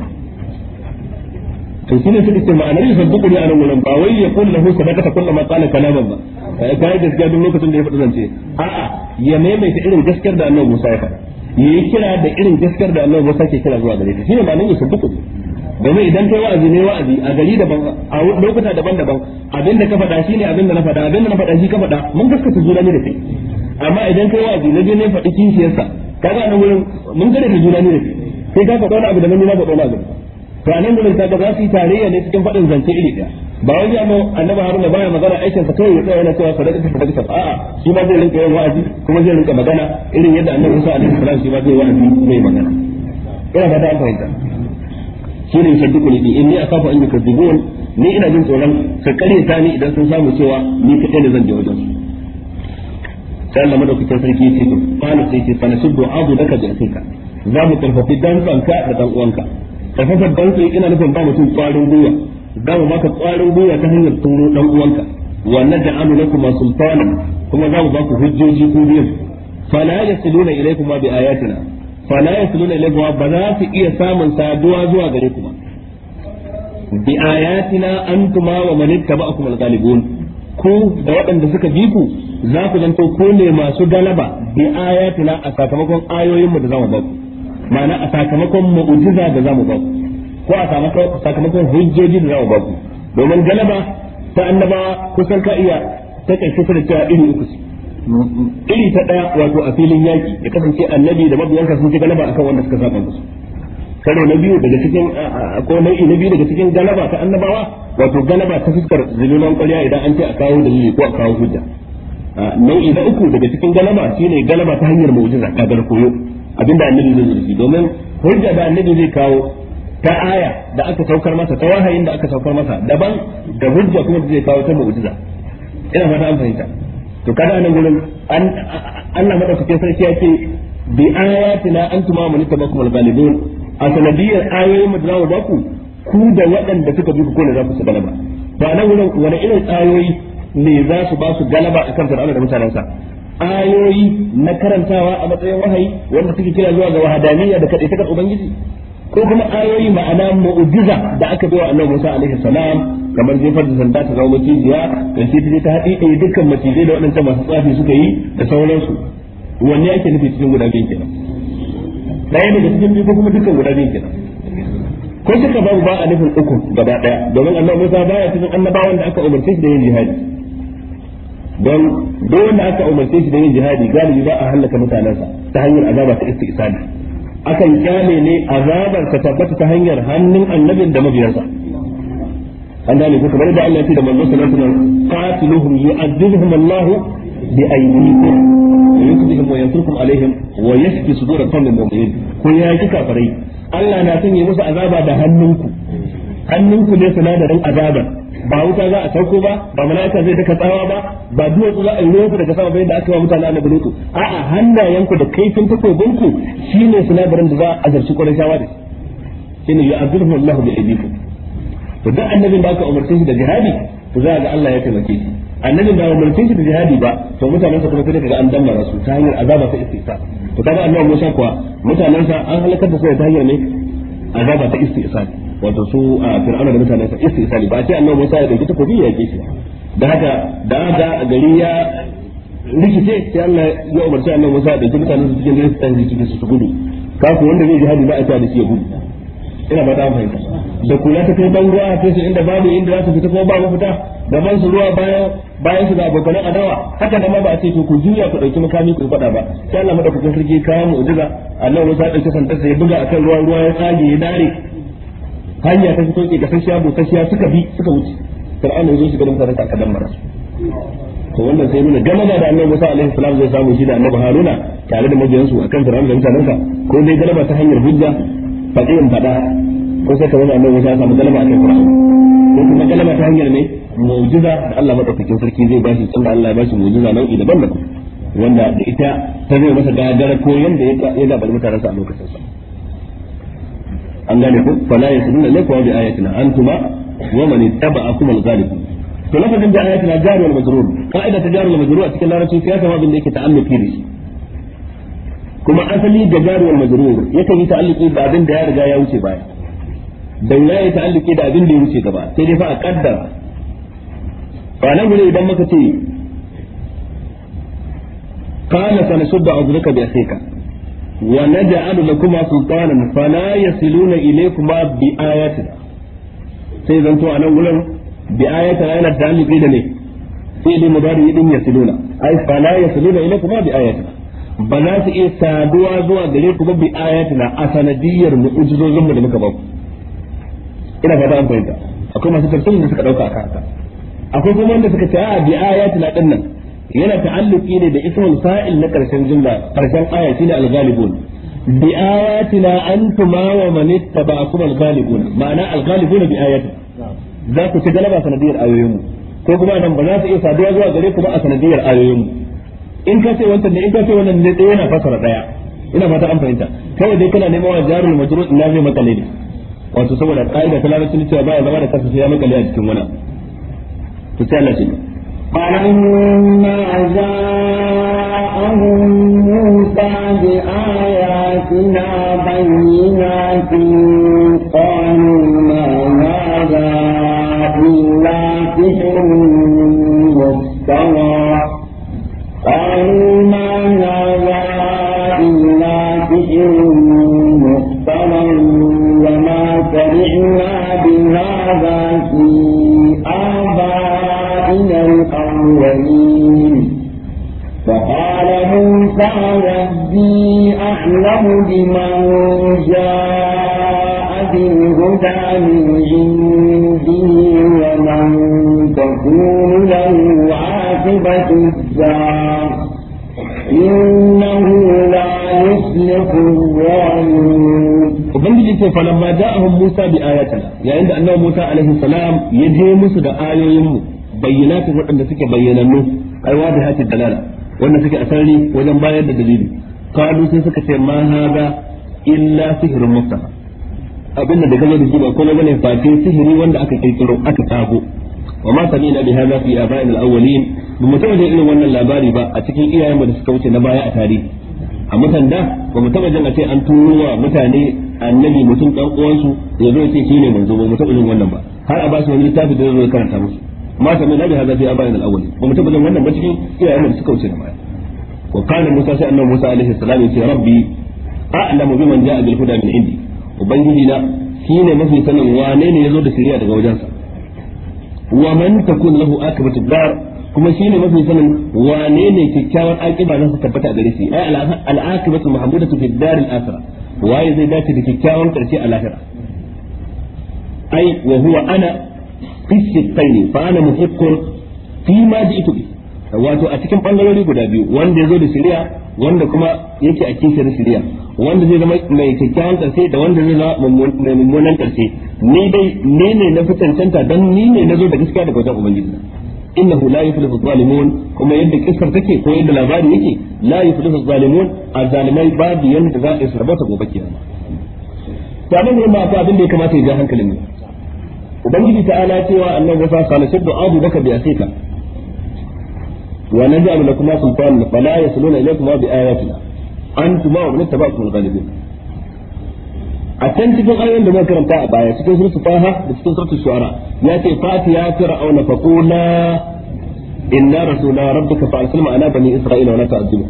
to shi ne suka ce ma'anar yin sadduku ne a nan wurin ba wai ya kulla hu sadaka ta kulla matsala kalaman ba kai gaskiya duk lokacin da ya faɗi zance a'a ya maimaita irin gaskiyar da annabi Musa ya faɗa yayi kira da irin gaskar da Allah ba sake kira zuwa gare ta shine malamin yusaddiqu domin idan kai wa'azi ne wa'azi a gari daban a lokuta daban-daban abinda ka faɗa shine abinda na faɗa abinda na faɗa shi ka faɗa mun gaskata juna ne da kai amma idan kai wa'azi na je ne faɗi kishiyarsa kaga nan wurin mun da juna ne da kai sai ka faɗa wani abu da mun na faɗa wani abu to anan gurin kaga za su yi tarayya ne cikin faɗin zance iri ɗaya ba wani amma annabi haruna baya magana aikin sa kai ya tsaya yana cewa sadaka sadaka a shi ma zai rinka yin wa'azi kuma zai rinka magana irin yadda annabi Musa alaihi salam shi ma zai wa'azi zai magana ina ta an fahimta shine duk ne in ni akafu an yukadzibun ni ina jin tsoron su kare ta ni idan sun samu cewa ni ka ne zan je wajen su sai Allah madaukakin sarki ya ce to kana sai ce fana shiddu abu daka da kanka za mu karfafi dantsanka da dan uwanka karfafa sai ina nufin ba mutum kwarin gwiwa za mu baka ƙwarin gwiwa ta hanyar turo dan uwanka wa naj'alu lakum sultana kuma za mu baku hujjoji ku biyu fala yasiluna ilaykum bi ayatina fala yasiluna ilaykum ba za su iya samun saduwa zuwa gare ku ba bi ayatina antuma wa man tabakum al-ghalibun ku da waɗanda suka bi ku za ku zanto ko ne masu galaba bi ayatina a sakamakon ayoyinmu da za ba ku ma'ana a sakamakon mu'jiza da za ba ku ko a samu sakamakon hujjoji da zamu baku domin galaba ta annaba kusan ka iya ta kai ta da cewa iri uku iri ta ɗaya wato a filin yaki ya kasance annabi da mabiyanka sun ci galaba akan wanda suka saba musu karo na biyu daga cikin ko nau'i na biyu daga cikin galaba ta annabawa wato galaba ta fuskar zulunan ƙarya idan an ce a kawo dalili ko a kawo hujja nau'i na uku daga cikin galaba shine galaba ta hanyar mu'jiza kadar koyo abinda annabi zai zurfi domin hujja da annabi zai kawo ta aya da aka saukar masa ta wahayin da aka saukar masa daban da hujja kuma zai kawo ta mu'jiza ina fata an fahimta to kada anan gurin an Allah madaukakin sarki yake bi ayatina antum amanu tabakum al a sanadiyar ayoyin madrawa da ku ku da waɗanda suka bi ku ko da za ku su galaba Ba nan gurin wani irin ayoyi ne za su ba su galaba akan fir'auna da mutanensa ayoyi na karantawa a matsayin wahayi wanda suke kira zuwa ga wahadaniya da kaɗai takar ubangiji ko kuma ayoyi ma'ana mu'jiza da aka bayar annabi Musa alaihi salam kamar jefar da sanda ta zama macijiya da shi ta je ta haɗe ɗaya dukkan macijai da waɗancan masu tsafi suka yi da sauransu wanne ake nufi cikin guda biyun kenan ɗaya daga cikin biyu ko kuma dukkan guda biyun kenan ko suka babu ba a nufin uku gaba ɗaya domin annabi Musa baya cikin annabawan da aka umarce shi da yin jihadi don duk wanda aka umarce shi da yin jihadi galibi ba a hallaka mutanensa ta hanyar azaba ta istisali akan kyale ne azabar ka tabbata ta hanyar hannun annabin da mabiyansa an gane ko kamar da Allah ya ce da manzon sallallahu alaihi wasallam qatiluhum Allah bi aydikum wa yansurukum alaihim wa yashfi sudur qawmin mu'minin ko ya kafirai Allah na sanya musu azaba da hannunku hannunku ne sinadarin azabar ba wuta za a sauko ba ba mala'ika zai daka tsawa ba ba duwatsu za a yi ruwanku daga sama ba da aka wa mutane annabi lutu a'a hannayenku da kaifin takobinku shine sinadarin da za a azarci shawa da shine yu'azibuhum Allahu bi aydikum to don annabin da aka umarci shi da jihadi to za ga Allah ya taimake shi annabin da umarci shi da jihadi ba to mutanen sa kuma sai daga an dammara rasu ta hanyar azaba ta istisa to kaga annabi Musa kuwa sa an halakar da su ta hanyar ne azaba ta istisa wato su a fir'auna da mutanen sa isali ba ce annabi Musa ya dauki takobi ya yake shi da haka da ga gari ya rikice sai Allah ya umarci annabi Musa dauki mutanen su cikin dare su tanzi cikin su gudu kafu wanda zai jihadi ba a ta da shi ya gudu ina ba ta fahimta da kula ta kai ban ruwa a su inda babu inda za su fita ko ba mafita ban su ruwa bayan bayan su da abokan adawa haka nan ma ba a ce to ku juya ku dauki makami ku fada ba sai Allah madaukakin sarki kawo mu'jiza annabi Musa ya dauki sandarsa ya buga akan ruwa ruwa ya tsage ya dare hanya ta fito ke gasasshiya busasshiya suka bi suka wuce Qur'an ya zo shi da mutanen aka dan marasu to wannan sai nuna galaba da annabi Musa alaihi salam zai samu shi da annabi Haruna tare da mabiyansu akan Qur'an da ka. ko dai galaba ta hanyar hujja fadin fada ko sai ka wani annabi Musa samu galaba akan Qur'an ko kuma galaba ta hanyar ne mu'jiza da Allah madaukakin sarki zai bashi da Allah ya shi mu'jiza nau'i daban-daban wanda da ita ta zai masa gagara koyon da ya mutanen sa a lokacin sa an gane ku fala yasuduna ilayka wa bi ayatina antuma wa man ittaba'akum al-ghalibun to lafazin bi ayatina jari wal majrur qa'ida ta jari wal majrur a cikin larabci sai kama abin da yake ta'alluqi da shi kuma asali da jari wal majrur yakan yi ta'alluqi ba abin da ya riga ya wuce baya dan ya yi ta'alluqi da abin da ya wuce gaba sai dai fa a kaddara ba nan gure idan muka ce kana sanashudda azrika bi asika wa naj'alu lakum sultanan fala yasiluna ilaykuma bi ayatina sai zanto a nan gurin bi ayatina yana da aliki da ne sai dai mudari din ya yasiluna ai fala yasiluna ilaykuma bi ayatina Bana su iya saduwa zuwa gare ku ba bi ayatina a sanadiyar mu'jizozin mu da muka ba ku ina fata an fahimta akwai masu tafsirin da suka dauka akan haka akwai kuma wanda suka ce a bi ayatina dinnan yana ta'alluki ne da ismul fa'il na karshen jumla karshen aya shine al-ghalibun bi ayatina antuma wa man ittaba'akum al-ghalibun ma'ana al-ghalibun bi ayatina za ku ci galaba sanadiyar ayoyinmu ko kuma nan ba za su iya saduwa zuwa gare ku ba a sanadiyar ayoyinmu in ka ce wancan ne in ka ce wannan ne ɗaya na fasara ɗaya ina fata an fahimta kawai dai kana neman wa jarul majrur illa zai maka ne wato saboda ka'ida ta larabci ne cewa ba ya zama da kasa sai ya maka makale a cikin wani to sai Allah shi فلما جاءهم موسى بآياتنا بينات قالوا ما هذا إلا سحر مفترى قالوا ما هذا إلا سحر ربي أعلم بمن جاء بالهدى من عنده ومن تكون له عاقبة الدار إنه لا يفلح الظالمون ubangiji ce falan ma ja'ahum Musa bi ayatina yayin da annabi Musa alaihi salam ya je musu da ayoyin mu bayyinatin waɗanda suke bayyanannu ai da hati dalala wannan suke a sarari wajen bayar da dalili kalu sai suka ce ma hada illa sihrun mustafa abinda da kaje da shi ba komai bane face sihiri wanda aka kirkiro aka tago wa ma sami'na bi hadha fi aba'il awwalin mu mutum da irin wannan labari ba a cikin iyayenmu da suka wuce na baya a tarihi a mutanda ba mu taba jin a ce an wa mutane annabi mutum dan uwansu ya zo ya ce shine manzo ba mu taba jin wannan ba har a ba su wani littafi da zai karanta musu ma ta mina bi hadha fi abain al-awwal ba mu tabbatar wannan ba cikin iyayen da suka wuce da mai wa kana musa sai annabi musa alaihi salam yace rabbi a'lamu biman ja'a bil huda min indi ubangiji na shine mafi sanin wane ne yazo da shari'a daga wajensa wa man takun lahu akibatu dar kuma shine mafi sanin wane ne kikkiawar akiba za su tabbata a gare shi ai al-akibatu mahmudatu fi dar al-akhirah waye zai dace da kikkiawar karshe a lahira ai wa huwa ana fishittaini fa ana muhikkun fi ma ji'tu bi wato a cikin bangarori guda biyu wanda yazo da shari'a wanda kuma yake a kishiyar shari'a wanda zai zama mai kyakkyawan karshe da wanda zai zama mai mummunan karshe ni dai ne ne na fi cancanta dan ni ne na zo da gaskiya daga wajen ubangiji innahu la yuflihu zalimun kuma yadda kissar take ko yadda labari yake la yuflihu zalimun azzalimai babu yanda za a sarba ta gobe kiyama to ne ma ta abin da ya kamata ya ga hankalin mu ubangiji ta ala cewa annabi Musa kana shaddu abu baka bi asika wa naj'alu lakum sultanan fala yasluna ilaykum bi ayatina antum wa ibn tabakum ghalibin a can cikin ayoyin da muka karanta a baya cikin suratul faha da cikin suratul shu'ara ya ce fati ya fir'auna fa qula inna rasula rabbika fa arsil ma'ana bani isra'ila wa la ta'dhibu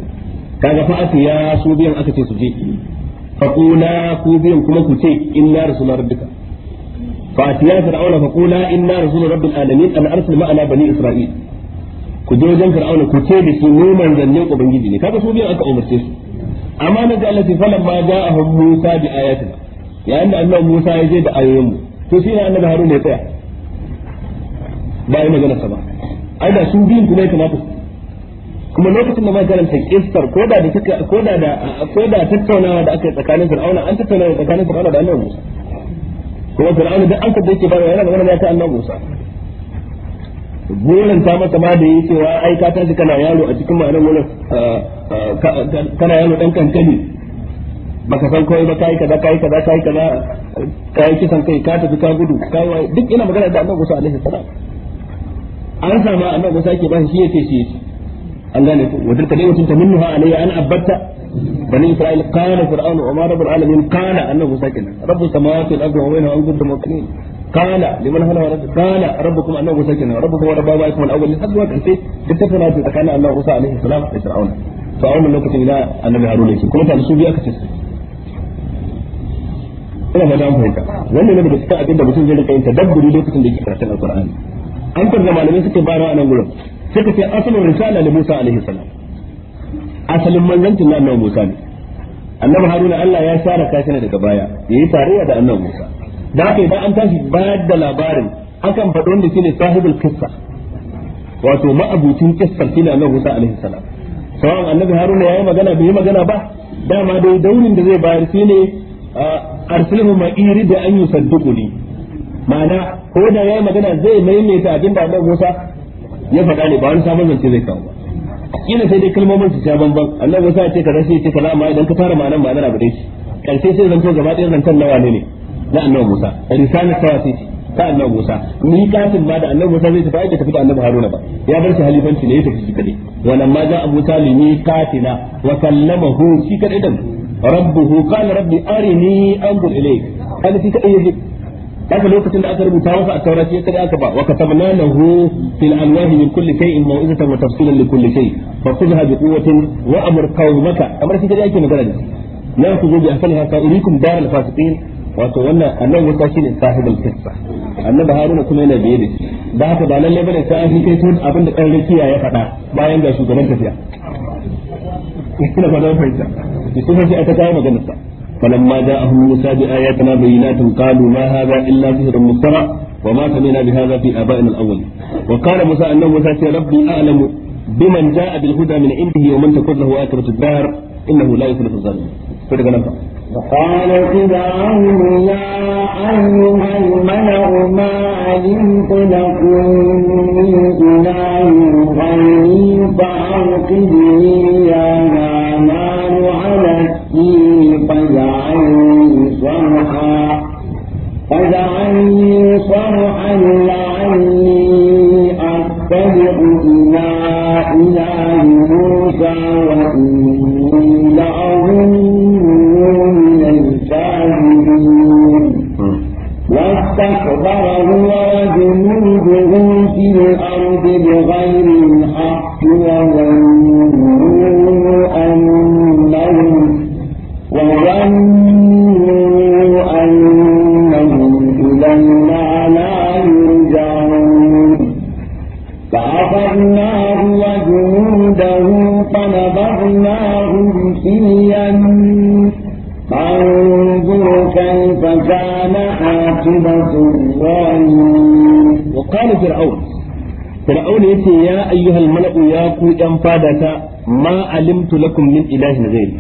kaga fa'ati ya su biyan aka ce su je fa qula ku biyan kuma ku ce inna rasula rabbika فأتيا فرعون فقولا إنا رسول رب العالمين أن أرسل معنا بني إسرائيل كجوجا فرعون كتير سنوما زنيو وبنجيني كذا سو بيان أكا أمرسيس أما نجا التي فلما جاءهم موسى بآياتنا يعني أن موسى يجد آيهم تسينا أن هارون يطيع باين جنا سبا أيضا سو بيان كما يتنافس kuma lokacin da karanta kistar ko da da ko da da ko da tattaunawa da aka tsakanin fir'auna an tattauna tsakanin fir'auna da annabi Musa kuma fir'auna da an da ba yana magana ne ta annabi Musa gurin ta masa ma da yake cewa ai ka tashi kana yaro a cikin ma'anar wurin kana yaro dan kankani baka san kawai ba kai kaza kai kaza kai kaza kai kisan kai ka tafi ka gudu kai duk ina magana da annabi Musa alaihi salam an sama annabi Musa yake ba shi yace shi an gane ku wadin ta ne mutunta ta minnuha alayya an abatta bani isra'il kana fir'aunu wa ma rabbul alamin kana annahu sakin rabbus samawati wal ardi wa bainahu an gudda mukmin kana liman hala rabb kana rabbukum annahu sakin rabbukum wa rabbaba ikum al awwal hadwa kace dukkan ayatu da kana allah musa alaihi salam da fir'aunu to a wannan lokacin da annabi harun yake kuma ta su biya kace ina ba dan fahimta wannan ne da suka abin da mutum zai rika yin tadabburi lokacin da yake karatu alqur'ani an tarjama malamai suke bayarwa a nan gurin suka ce asalin risala li musa alaihi asalin manzancin na annabi Musa ne annabi Haruna Allah ya share kashi ne daga baya yayi tarayya da annabi Musa da haka idan an tashi bayar da labarin akan faɗo wanda shine sahibul qissa wato ma'abucin kissar shine annabi Musa alaihi salam sawan annabi Haruna yayi magana bai yi magana ba dama dai daurin da zai bayar shine arsilhu ma'iri da an yusaddiquni ma'ana ko da yayi magana zai maimaita abinda annabi Musa ya faɗa ne ba wani sabon zance zai kawo ba kila sai dai kalmomin su ta banban Allah Musa ya ce kaza sai ya ce kaza amma idan ka fara ma'anar ma'anar abu dai karshe sai ce gaba ɗaya zantan nawa ne ne na annabi Musa risalar ta ce ta annabi Musa kafin ma da annabi Musa zai tafi aika tafi da annabi Haruna ba ya bar shi halifanci ne ya tafi shi kadai walamma ja'a ni li miqatina wa kallamahu shi kadai dan rabbuhu qala rabbi arini anzur ilayk kada shi kadai yaje haka lokacin da aka rubuta masa a taura shi kada aka ba wa katabna lahu fil alwahi min kulli shay'in maw'izatan wa tafsilan li kulli shay fa khudha bi quwwatin wa amr qawmaka amar shi kada ake magana da ya ku zo bi asali haka irikum daral fasiqin wato wannan annabi qissa annabi Haruna kuma yana biye da shi da haka ba lalle bane sai an kai tun abin da dan ya faɗa bayan ga shugaban tafiya ina ba da fahimta shi kuma sai aka kawo maganar sa فلما جاءهم موسى بآياتنا بينات قالوا ما هذا إلا سحر مفترى وما سمعنا بهذا في آبائنا الأول وقال موسى أنه موسى ربي أعلم بمن جاء بالهدى من عنده ومن تكون له آخرة الدار إنه لا يفلح الظالمون وقال فرعون يا أيها الملأ ما علمت لكم من إله غيري فأوقدني يا فرحا لا انظر كيف كان عاقبة الظالمين وقال فرعون فرعون يتي يا أيها الملأ يا كو فادتا ما علمت لكم من إله غيري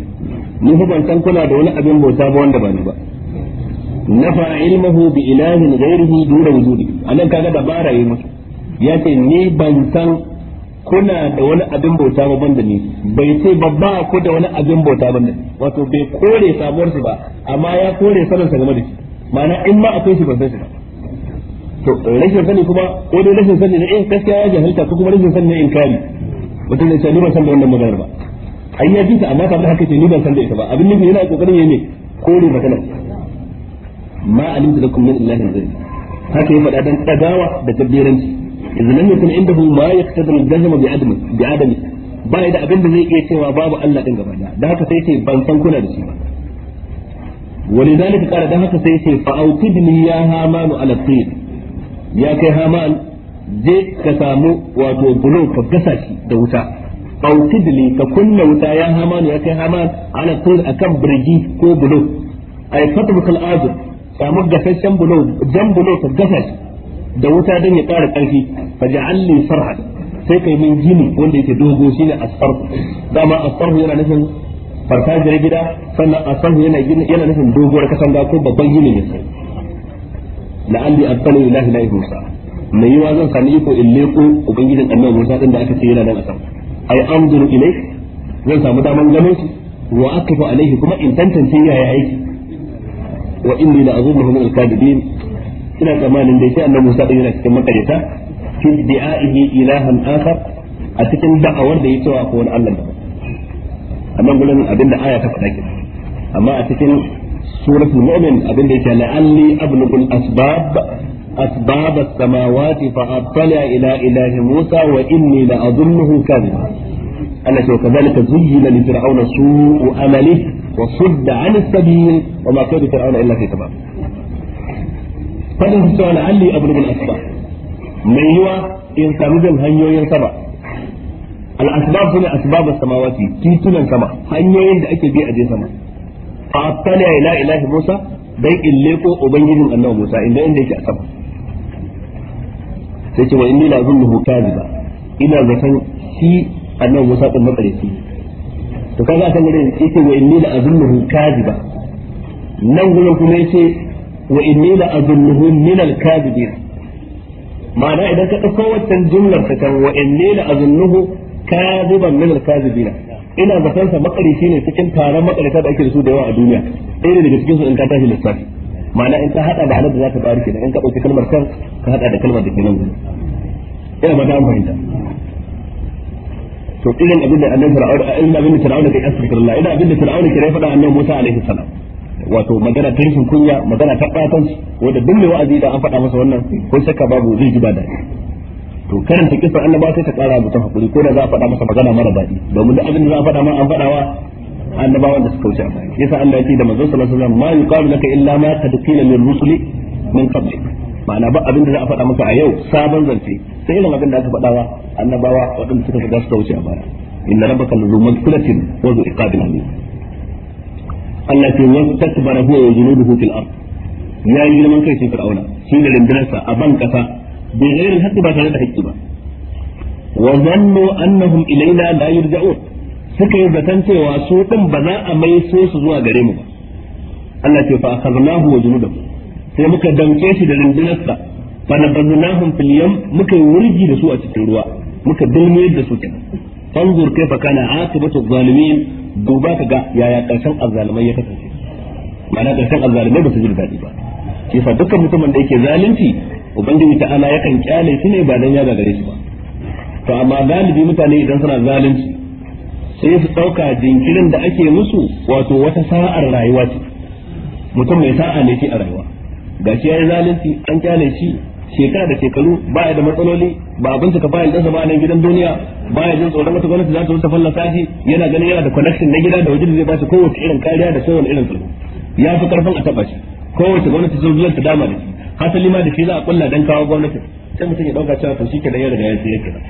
ni ban san kuna da wani abin bauta ba wanda ba ni ba nafa ilmuhu bi ilahin ghairihi dura wujudi anan kaga dabara yi musu ya ce ni ban san kuna da wani abin bauta ba banda ni bai ce babba ko da wani abin bauta ba ne wato bai kore sabuwar shi ba amma ya kore sanin sa game da shi ma'ana in ma akwai shi ban san shi ba to rashin sani kuma ko dai rashin sani ne eh gaskiya ya jahilta ko kuma rashin sani ne inkari mutum ne sai ni ban san da wannan maganar ba ai ya jinta amma kamar haka ce ni ban san da ita ba abin nufi yana kokarin yayi ne kore maganar ma alimtu lakum min illahi ghayr haka ya faɗa dan tsagawa da tabbiranci idan lam yakun indahu ma da jahma bi adami bi adami ba da abin da zai iya cewa babu Allah din gaba da da haka sai sai ban san kuna da shi ba Wani ولذلك قال da haka sai ce fa autidni ya hamanu ala tin ya kai haman je ka samu wato bulo ka gasa shi da wuta autidni ka kunna wuta ya hamanu ya kai haman ala tin akan birgi ko bulo ay fatbukal azur samu gasasshen bulo jan bulo ka gasa shi da wuta don ya ƙara ƙarfi fa ja'alni sarhan sai kai min gini wanda yake dogo shine asfarhu dama asfarhu yana nufin farfajiyar gida sannan asfarhu yana yana nufin doguwar katanga ko babban gini ne sai la'alli abtalu ilahi la yusa mai yiwa zan sami iko in leko ubangijin annabi Musa din da aka ce yana nan a sama ai anzuru ilayk zan samu daman ganin shi wa akifu alaihi kuma in tantance yaya yake wa inni la azunuhu min al-kadibin ina tsammanin da sai annabi Musa yana cikin makareta fi bi'aihi ilahan akhar a cikin da'awar da ya cewa ko Allah daban amma gurin abinda aya ta faɗa ke amma a cikin suratul mu'min abinda yake la'alli ablugul asbab أسباب السماوات فأطلع إلى إله موسى وإني لأظنه كاذبا التي وكذلك زين لفرعون سوء أمله وصد عن السبيل وما كان فرعون إلا في تبابه fadin su cewa la'alli ablugul asba mai yiwa in sami bin hanyoyin sama al-asbab sune asbabus samawati titunan sama hanyoyin da ake bi a je sama fa attala ila ilahi musa dai in leko ubangijin annabi musa inda inda yake a sama sai ce wa inni la zunnuhu ba, ina zaton shi annabi musa din makareci to kaga akan gare yake wa inni la zunnuhu ba, nan gurin kuma yace wa inni la azunnuhum min al-kadibin ma'ana idan ka dauko wannan jumlar ta kan wa inni la azunnuhu kadiban min al-kadibin ina zaton sa makarici ne cikin taron makarita da ake da su da yawa a duniya ɗaya daga cikin su in ka tashi lissafi ma'ana in ka hada da alad da za ta bari kenan in ka dauki kalmar kan ka hada da kalmar da ke nan gudu ina ba da an fahimta to irin abin da annabi fir'auna irin abin da fir'auna kai asirkullah irin abin da fir'auna kai faɗa annabi Musa alaihi salam wato magana ta rashin kunya magana ta ɓatanci wanda duk mai wa'azi da an faɗa masa wannan ko shakka babu zai ji ba daɗi to karanta kisa annaba sai ta kara mutum hakuri ko da za a faɗa masa magana mara daɗi domin duk abin da za a faɗa ma an faɗawa annabawan da suka wuce a baya yasa Allah ya ce da manzon sallallahu alaihi wasallam ma yuqalu laka illa ma qad qila min rusuli min qablik ma'ana ba abin da za a faɗa maka a yau sabon zance sai irin abin da aka faɗawa annabawa waɗanda suka shiga suka wuce a baya inna rabbaka lazu maghfiratin wa zu iqabil alim Allah ce wastakbara huwa wa junuduhu fil ard ya yi girman kai shi fir'auna shi da rindinarsa a ban kasa bi ghairi haqqi ba tare da haƙƙi ba wa zannu annahum ilaina la yurja'un suka yi zaton cewa su din ba za a mai so su zuwa gare mu ba Allah ce fa akhadnahu wa junudahu sai muka danke shi da rindinarsa fa na fil yam muka yi wurgi da su a cikin ruwa muka dilmiyar da su kenan fanzur kaifa kana akibatu zalimin duba kaga yaya karshen azzalimai ya kasance ma'ana karshen azzalimai ba su jin daɗi ba shi yasa dukkan mutumin da yake zalunci ubangiji ta'ala yakan kyale su ne ba dan ya gagare su ba to amma galibi mutane idan suna zalunci sai su dauka jinkirin da ake musu wato wata sa'ar rayuwa ce mutum mai sa'a ne shi a rayuwa gashi yayi zalunci an kyale shi shekara da shekaru ya da matsaloli ba abin ka fayil ɗansa ba nan gidan duniya ya jin tsoron wata gwamnati za ta rusa fallasa yana ganin yana da connection na gida da wajen da zai ba shi kowace irin kariya da sauran irin su ya fi karfin a taɓa shi kowace gwamnati sun zuwa ta dama da shi hasali ma da shi za a kulla dan kawo gwamnati sai mutum ya ɗauka cewa to shi da ya riga ya sai kira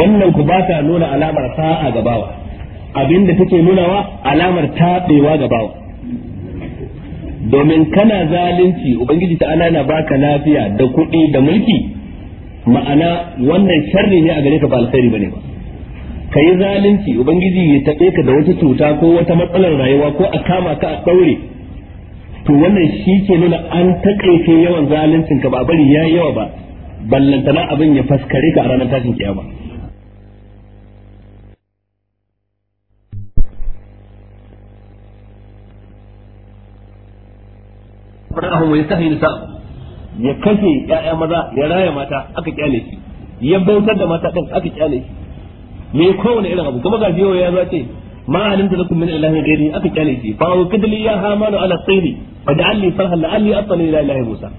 wannan ku ba ta nuna alamar sa'a gabawa abinda take nunawa alamar taɓewa gabawa. domin kana zalunci ubangiji ta ana na baka lafiya da kuɗi da mulki ma'ana wannan sharri ne a gare ka ba alkhairi bane ba ka yi zalunci ubangiji ya taɓe ka da wata cuta ko wata matsalar rayuwa ko a kama ka a ɗaure to wannan shi ke nuna an taƙaice yawan zaluncin ka ba bari ya yawa ba ballantana abin ya faskare ka a ranar tashin kiyama nisa'ahum wa nisa'ahum ya kashe ƴaƴa maza ya raya mata aka kyale shi ya bautar da mata kan aka kyale shi me kowane irin abu kuma gashi yau ya zo ce ma alimta lakum min ilahin ghairi aka kyale shi fa wa kadli ya hamanu ala tsairi fa ja'alni farhan la'alli ila ilahi musa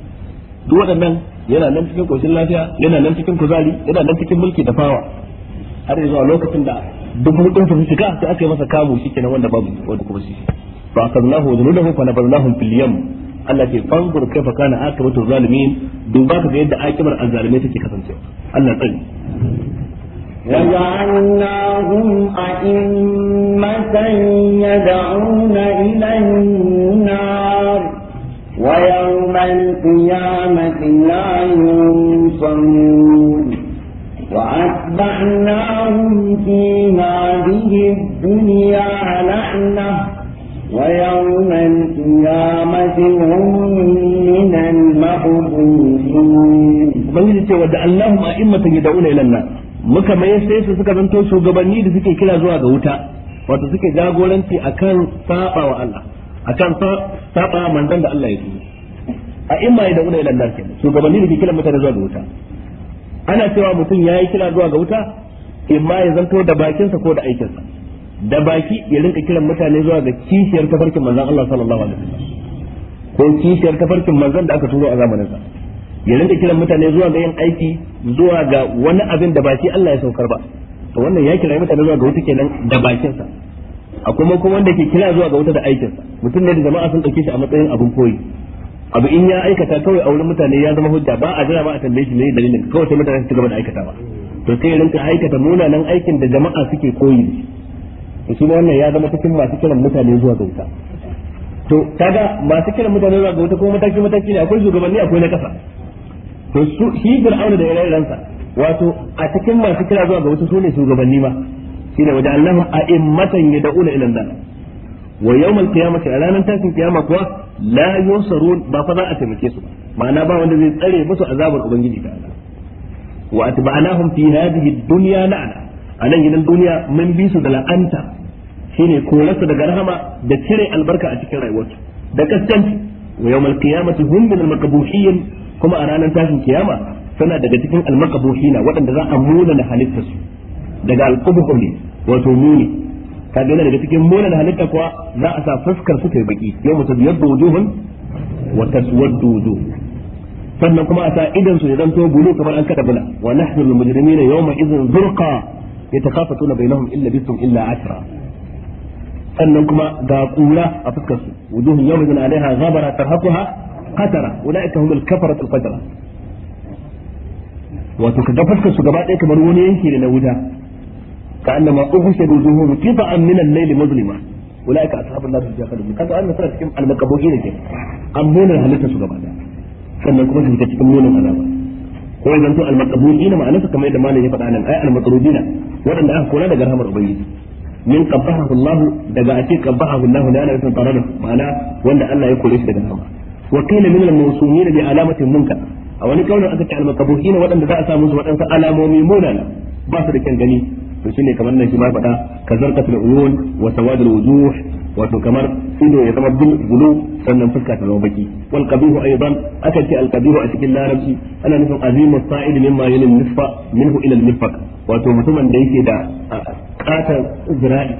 duk waɗannan yana nan cikin koshin lafiya yana nan cikin kuzari yana nan cikin mulki da fawa har zuwa lokacin da duk hudun su shiga sai aka yi masa kamu shikenan wanda babu wanda kuma shi fa wa fa fil yam Allah ke fanzur kaifa kana akibatu zalimin duba ka ga yadda akibar azzalimai take kasancewa Allah tsari وجعلناهم أئمة يدعون إلى النار ويوم القيامة لا ينصرون وأتبعناهم في هذه الدنيا لعنة ويوم القيامة هم من المحضورين ubangiji ce wadda Allahum a'immatan yad'una ila Allah muka mai sai su suka zanto shugabanni da suke kira zuwa ga wuta wato suke jagoranci akan saba wa Allah akan saba manzon da Allah ya yi a'imma yad'una ila Allah ke, shugabanni da ke kira mutane zuwa ga wuta ana cewa mutum yayi kira zuwa ga wuta in ma ya zanto da bakinsa ko da aikinsa da baki ya rinka kiran mutane zuwa ga kishiyar tafarkin manzan Allah sallallahu alaihi wasallam ko kishiyar tafarkin manzan da aka turo a zamanin sa ya rinka kiran mutane zuwa ga yin aiki zuwa ga wani abin da baki Allah ya saukar ba to wannan ya kira mutane zuwa ga wuta kenan da bakin sa akwai ma kuma wanda ke kira zuwa ga wuta da aikin sa mutum ne da jama'a sun dauke shi a matsayin abin koyi abu in ya aikata kawai a wurin mutane ya zama hujja ba a jira ba a tambaye shi ne dalilin kawai sai mutane su gaba da aikata ba to sai ya rinka aikata munanan aikin da jama'a suke koyi to shi wannan ya zama cikin masu kiran mutane zuwa ga wuta to kaga masu kiran mutane zuwa ga wuta kuma mataki mataki ne akwai shugabanni akwai na kasa to su shi fir'auna da ire-irensa wato a cikin masu kira zuwa ga wuta sune shugabanni ma shine wajen Allah a'immatan yad'una ila Allah wa yawmal qiyamati a ranar tashin kiyama kuwa la yusarun ba fa za a taimake su ma'ana ba wanda zai tsare musu azabar ubangiji ta Allah wa atba'nahum fi hadhihi dunya la'ana a nan gidan duniya mun bi su da la'anta shine korarsu daga rahama da cire albarka a cikin rayuwarsu da kaskanci wa yawmal qiyamati hum min al-maqbuhin kuma a ranar tashin kiyama suna daga cikin al-maqbuhina waɗanda za a muna na halittar su daga al-qubhu wato muni kaga yana daga cikin muna na halitta kuwa za a sa fuskar su ta baki yawma tabyaddu wujuhun wa taswaddu wujuh sannan kuma a sa idan su ya zanto bulu kamar an kada bula wa nahnu al-mujrimina yawma idhin zurqa yatakhafatuna bainahum illa bisum illa ashra sannan kuma ga a fuskar su wujuhun yawmin alaiha ghabara tarhaquha qatara wato ka fuskar su gaba ɗaya kamar wani yanki ne na wuta ka annama ughshadu wujuhum qita'an min layli muzlima ulaika ashabun nar jahannam kaga annabi suna cikin al-makabuki halitta su gaba ɗaya sannan kuma su fita cikin munin azaba ko idan to al-maqbulina ma'anarsa kamar yadda ya faɗa nan ay al-maqrubina waɗanda aka kula daga rahmar ubangiji min qabbahahu Allah daga ake qabbahahu Allah da ana san tare da ma'ana wanda Allah ya kore shi daga rahama wa qila min al-mawsumin bi alamatin munkar a wani kaulin aka ce al-maqbulina waɗanda za a sa musu waɗansu alamomi munana ba su da kyan gani to shine kamar nan shi ma faɗa kazarqatul uyun wa sawadul wujuh wato kamar ido ya zama bulu sannan fuska ta zama baki wal qabihu aidan akan ce al qabihu a cikin larabci ana nufin azimu sa'id mimma yalin nisfa minhu ila al mirfaq wato mutumin da yake da katar zira'i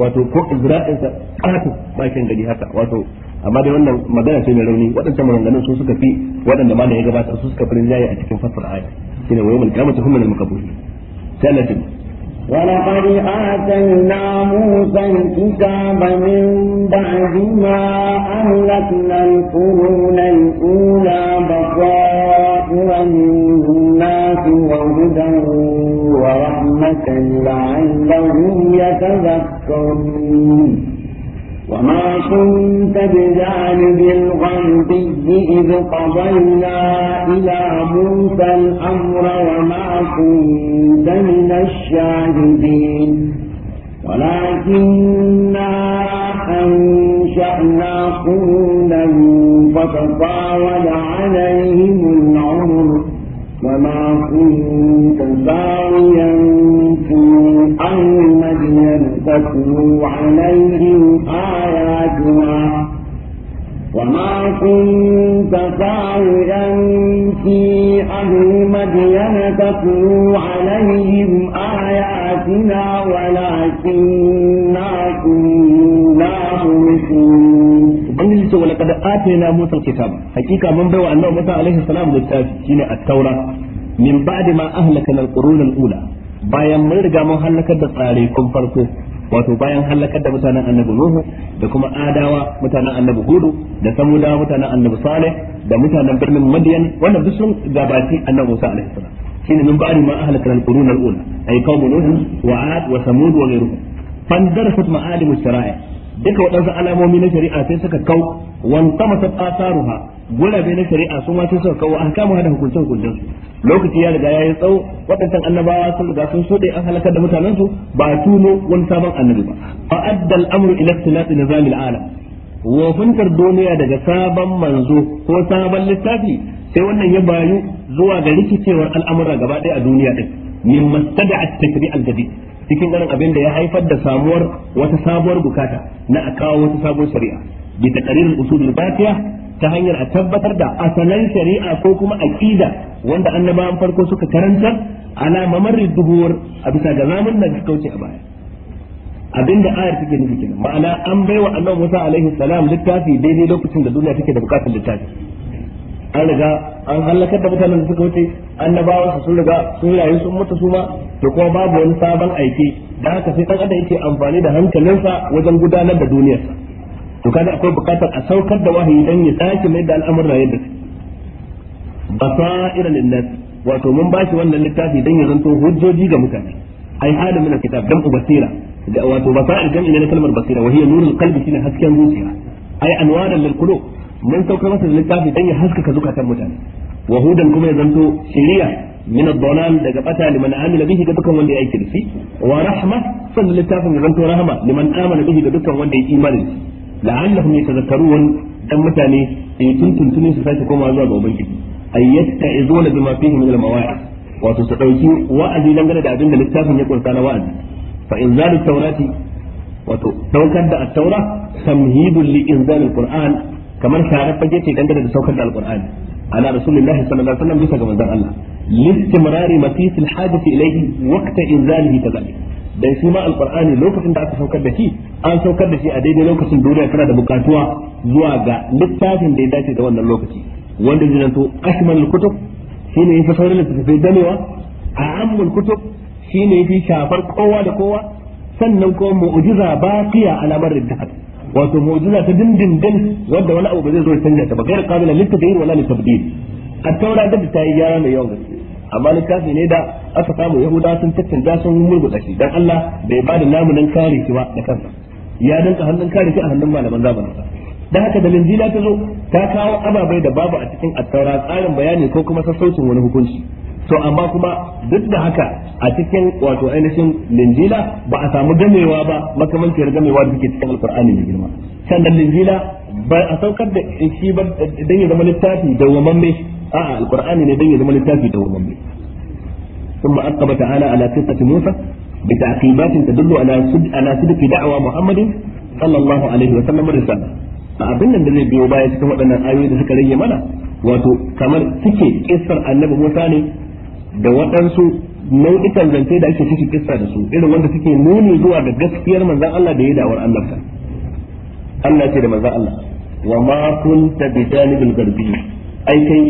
wato ko zira'in sa katar bakin gari haka wato amma dai wannan magana ce mai rauni waɗancan maganganun su suka fi waɗanda ma da ya gabata su suka fi rinjaye a cikin fasar aya shine wa yawmal qiyamati hum min al makaburi sai ولقد آتينا موسى الكتاب من بعد ما أهلكنا القرون الأولى بصائر للناس وهدى ورحمة لعلهم يتذكرون وما كنت بجانب الغيبي إذ قضينا إلى موسى الأمر وما كنت من الشاهدين ولكننا أنشأنا قرونا فتطاول عليهم العمر وما كنت ساويا تتلو عليهم آياتنا وما كنت ساويا في أهل مدين تتلو عليهم آياتنا ولكننا كنا مسلمين ubangiji ce wani kada na musa kitab hakika mun baiwa annabi musa alaihi salam littafi shine at-taura min ba'di ma ahlakana al-qurun al-ula bayan mun riga mun halakar da tsare kun farko wato bayan halakar da mutanen annabi nuhu da kuma adawa mutanen annabi hudu da samudawa mutanen annabi salih da mutanen birnin madiyan wannan duk sun gabaci annabi musa alaihi salam shine min ba'di ma ahlakal qurun al-ula ay qaumun nuh wa ad wa samud wa ghayruhum fandarasat ma'alim shara'i duka waɗansu alamomi na shari'a sai suka kau wan tamasat tsaruha gurabe na shari'a sun ma sai suka kau kama hada hukuncin hukuncin lokaci ya riga yayi tsawo waɗannan annabawa sun riga sun sode an halakar da mutanen su ba a tuno wani sabon annabi ba fa adda al-amru ila ikhtilat nizam al-alam wofintar duniya daga sabon manzo ko sabon littafi sai wannan ya bayu zuwa ga rikicewar al'amura gaba ɗaya a duniya ɗin min mastada'at takri al-jadid cikin ganin abin da ya haifar da samuwar wata sabuwar bukata na a kawo wata sabuwar shari'a bi taqrirul usulul batiya ta hanyar a tabbatar da asalan shari'a ko kuma aqida wanda annabawan farko suka karanta ala mamarri duhuwar a bisa ga zaman da suka wuce a baya abinda ayar take nufi kenan ma'ana an baiwa annabi Musa alaihi salam littafi daidai lokacin da duniya take da bukatar littafi an riga an halakar da mutanen da suka wuce annabawa su sun riga sun rayu sun mutu su ma to kuma babu wani sabon aiki da haka sai dan adam yake amfani da hankalinsa wajen gudanar da duniyarsa to kada akwai bukatar a saukar da wahayi dan ya sake mai da al'amuran yadda su basaira linnas wato mun bashi wannan littafi dan ya zanto hujjoji ga mutane ai hada min kitab dan basira wato basair jam'i ne na kalmar basira wa hiya nurul qalbi shine hasken zuciya ai anwaran lil qulub mun saukar masa da littafi dan ya haskaka zukatan mutane wa hudan kuma ya zanto shiriya min ad-dalal daga bata liman amila bihi ga dukkan wanda ya yi da shi wa rahma sannan littafin ya zanto rahma liman amana bihi ga dukkan wanda ya yi imani la'allahum yatadhakkarun dan mutane in tuntuntuni su sake koma zuwa ga ubangiji ayyatta izuna bima fihi min al-mawa'id wato su dauki wa'azi dangane da abin da littafin ya kunsa wa'azi fa in zalu tawrati wato daukar da at-taura tamhidul li inzal al-qur'an kamar sharar fage ce dangane da saukar da alqur'ani ala rasulillah sallallahu alaihi wasallam bisa ga manzon Allah listimrari matis alhadith ilayhi waqta inzalihi kadhalik dan shi ma alqur'ani lokacin da aka saukar da shi an saukar da shi a daidai lokacin duniya tana da bukatuwa zuwa ga littafin da ya dace da wannan lokaci wanda zai zanto ashmal alkutub shine yafi sauran littattafai damewa a ammul kutub shine yafi shafar kowa da kowa sannan kuma mu'jiza baqiya ala marrid dahab wato mu'jiza ta dindindin wanda wani abu ba zai zo ya canja ta ba gairu qabila yin wala litabdil at-taura da ta yi gyara mai yawan gaske amma littafi ne da aka samu yahuda sun tattanda sun murguda shi dan Allah bai ba da namunin kare shi ba da kansa ya danka hannun kare shi a hannun malaman zamanin sa da haka da linjila ta zo ta kawo ababai da babu a cikin attaura tsarin bayani ko kuma sassaucin wani hukunci to amma kuma duk da haka a cikin wato ainihin linjila ba a samu gamewa ba makamancin gamewa da suke cikin alkur'ani mai girma Can da linjila ba a saukar da shi ba dan ya zama littafi dawwamamme a'a alkur'ani ne dan ya zama littafi dawwamamme ثم أقب تعالى على قصة موسى بتعقيبات تدل على صدق على صدق دعوى محمد صلى الله عليه وسلم الرسالة abin nan da zai biyo baya cikin waɗannan ayoyi da suka rage mana wato kamar suke kissar annabi Musa ne da waɗansu nau'ikan zance da ake cikin kissa da su irin wanda suke nuni zuwa ga gaskiyar manzan Allah da ya da'awar Allah ta Allah ce da manzan Allah wa ma ta bi janibil garbi ai kai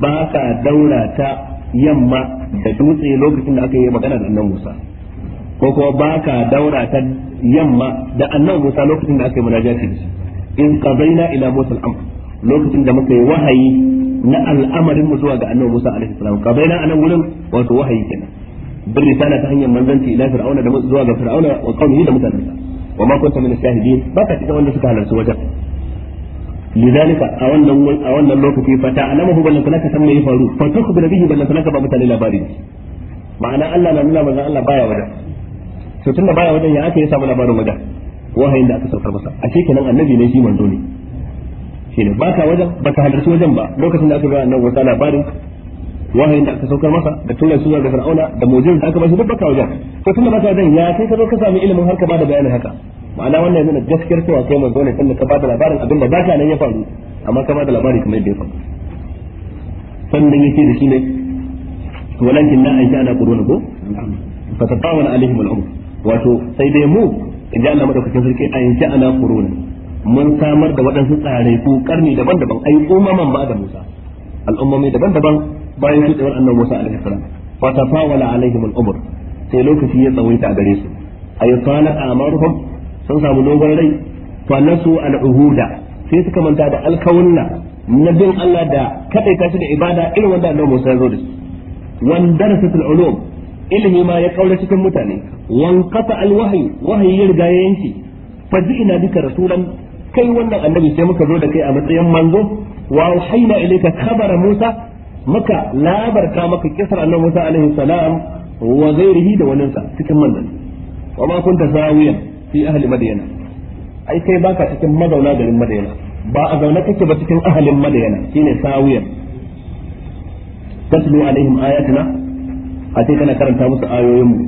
ba ka daura ta yamma da dutse lokacin da aka yi magana da annabi Musa ko kuma ba ka daura ta yamma da annabi Musa lokacin da aka yi munajati da in qadaina ila Musa al-amr lokacin da muka yi wahayi na al'amarin mu zuwa ga annabi Musa alaihi salam kabaina anan wurin wato wahayi kenan bin risala ta hanyar manzanci ila fir'auna da zuwa ga fir'auna wa qaumihi da mutanensa wa ma kunta min shahidin ba ka cikin wanda suka halarci wajen lidalika a wannan a wannan lokaci fa ta'lamu balla sanaka san me ya faru fa tukhbiru bihi balla sanaka ba mutane labari ma'ana Allah na nuna manzon Allah baya wajen to tunda baya wajen ya aka yi samu labarin wajen wahayin da aka saukar masa a kenan annabi ne shi manzo ne shine ba ka wajen ba ka halarci wajen ba lokacin da aka ga nan wata labarin wahayin da aka saukar masa da tura suna da fir'auna da mujin da aka bashi duk baka wajen to tunda baka wajen ya kai ka zo ka samu ilimin har ka bada bayanin haka ma'ana wannan yana gaskiyar cewa kai manzo ne tunda ka bada labarin abin da baka nan ya faru amma ka bada labari kamar yadda ya faru sannan yake da shi ne walakin na aisha ana quruna ko fa tatawana alaihim al'umr wato sai dai mu in ji Allah madaukakin sarki a yanzu ana quruna mun samar da waɗansu tsare ko karni daban-daban ai umaman ba da Musa al'ummomi daban-daban bayan shudewar annan Musa alaihi salam fa tafawala alaihim al sai lokaci ya tsawaita a gare su ay sana amaruhum sun samu dogon rai fa nasu al sai suka manta da alkawunna na bin Allah da kadaita shi da ibada irin wanda annabi Musa ya zo da su wan darasatul ulum ilimi ma ya kaura cikin mutane wan qata wahayi, wahyi ya riga ya yanki fa ina bika rasulan kai wannan annabi sai muka zo da kai a matsayin manzo wa auhayna ilayka khabara Musa maka labarta maka kisar annabi Musa alaihi salam wa ghairihi da wannan sa cikin manzanni wa ma kunta sawiyan fi ahli madyana ai kai baka cikin mazauna garin madyana ba a zaune kake ba cikin ahalin madyana shine sawiyan tatlu alaihim ayatina a ce kana karanta musu ayoyin mu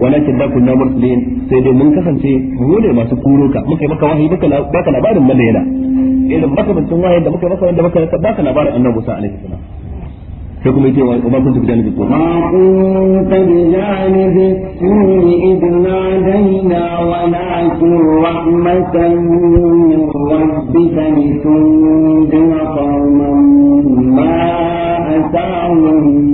walakin da kunna mursalin sai dai mun kasance mu ne masu kuro ka muka yi maka wahayi baka labarin madayana irin baka makamancin wahayin da muka yi maka wanda muka baka labarin annabi Musa alaihi salam sai kuma yake wa ba kunta bijani bisu ma kunta bijani bisu idna daina wa lakin rahmatan min rabbika litundira qauman ma ata'ahum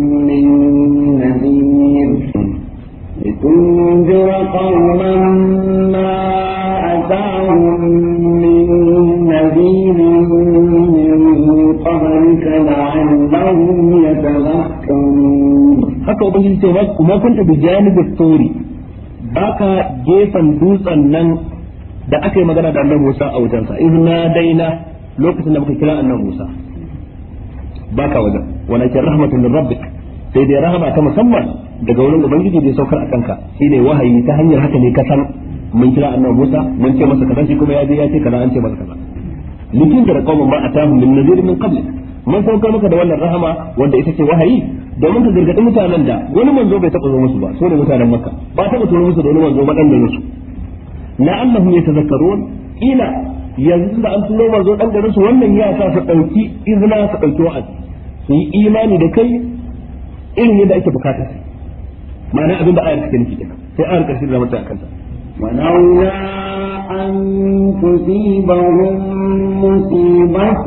وتنذر قوما ما أتاهم من نذير من قبلك لعلهم يتذكرون haka ubangiji ce ma kunta bi janibi tsori ka gefen dutsen nan da aka yi magana da annabi Musa a wajensa in na daina lokacin da muka kira annabi Musa ka wajen walakin rahmatun rabbika sai dai rahama ta musamman daga wurin ubangiji da saukar a kanka shine wahayi ta hanyar haka ne ka san mun kira annabi Musa mun ce masa kaza shi kuma ya je ya ce kaza an ce masa kaza likin da qauman ma atahum min nadhir min qabl mun sauka maka da wannan rahama wanda ita ce wahayi domin ka gargadi mutanen da wani manzo bai taɓa zo musu ba so ne mutanen makka ba taɓa turo musu da wani manzo ba dan da musu Na la'annahum yatazakkarun ila yanzu da an turo manzo dan garin su wannan ya sa su dauki izna su dauki wa'azi su yi imani da kai ilimi da ake bukata ma'ana abin da ayar take nufi kenan sai ayar karshe da zamanta akan ta ولولا أن تصيبهم مصيبة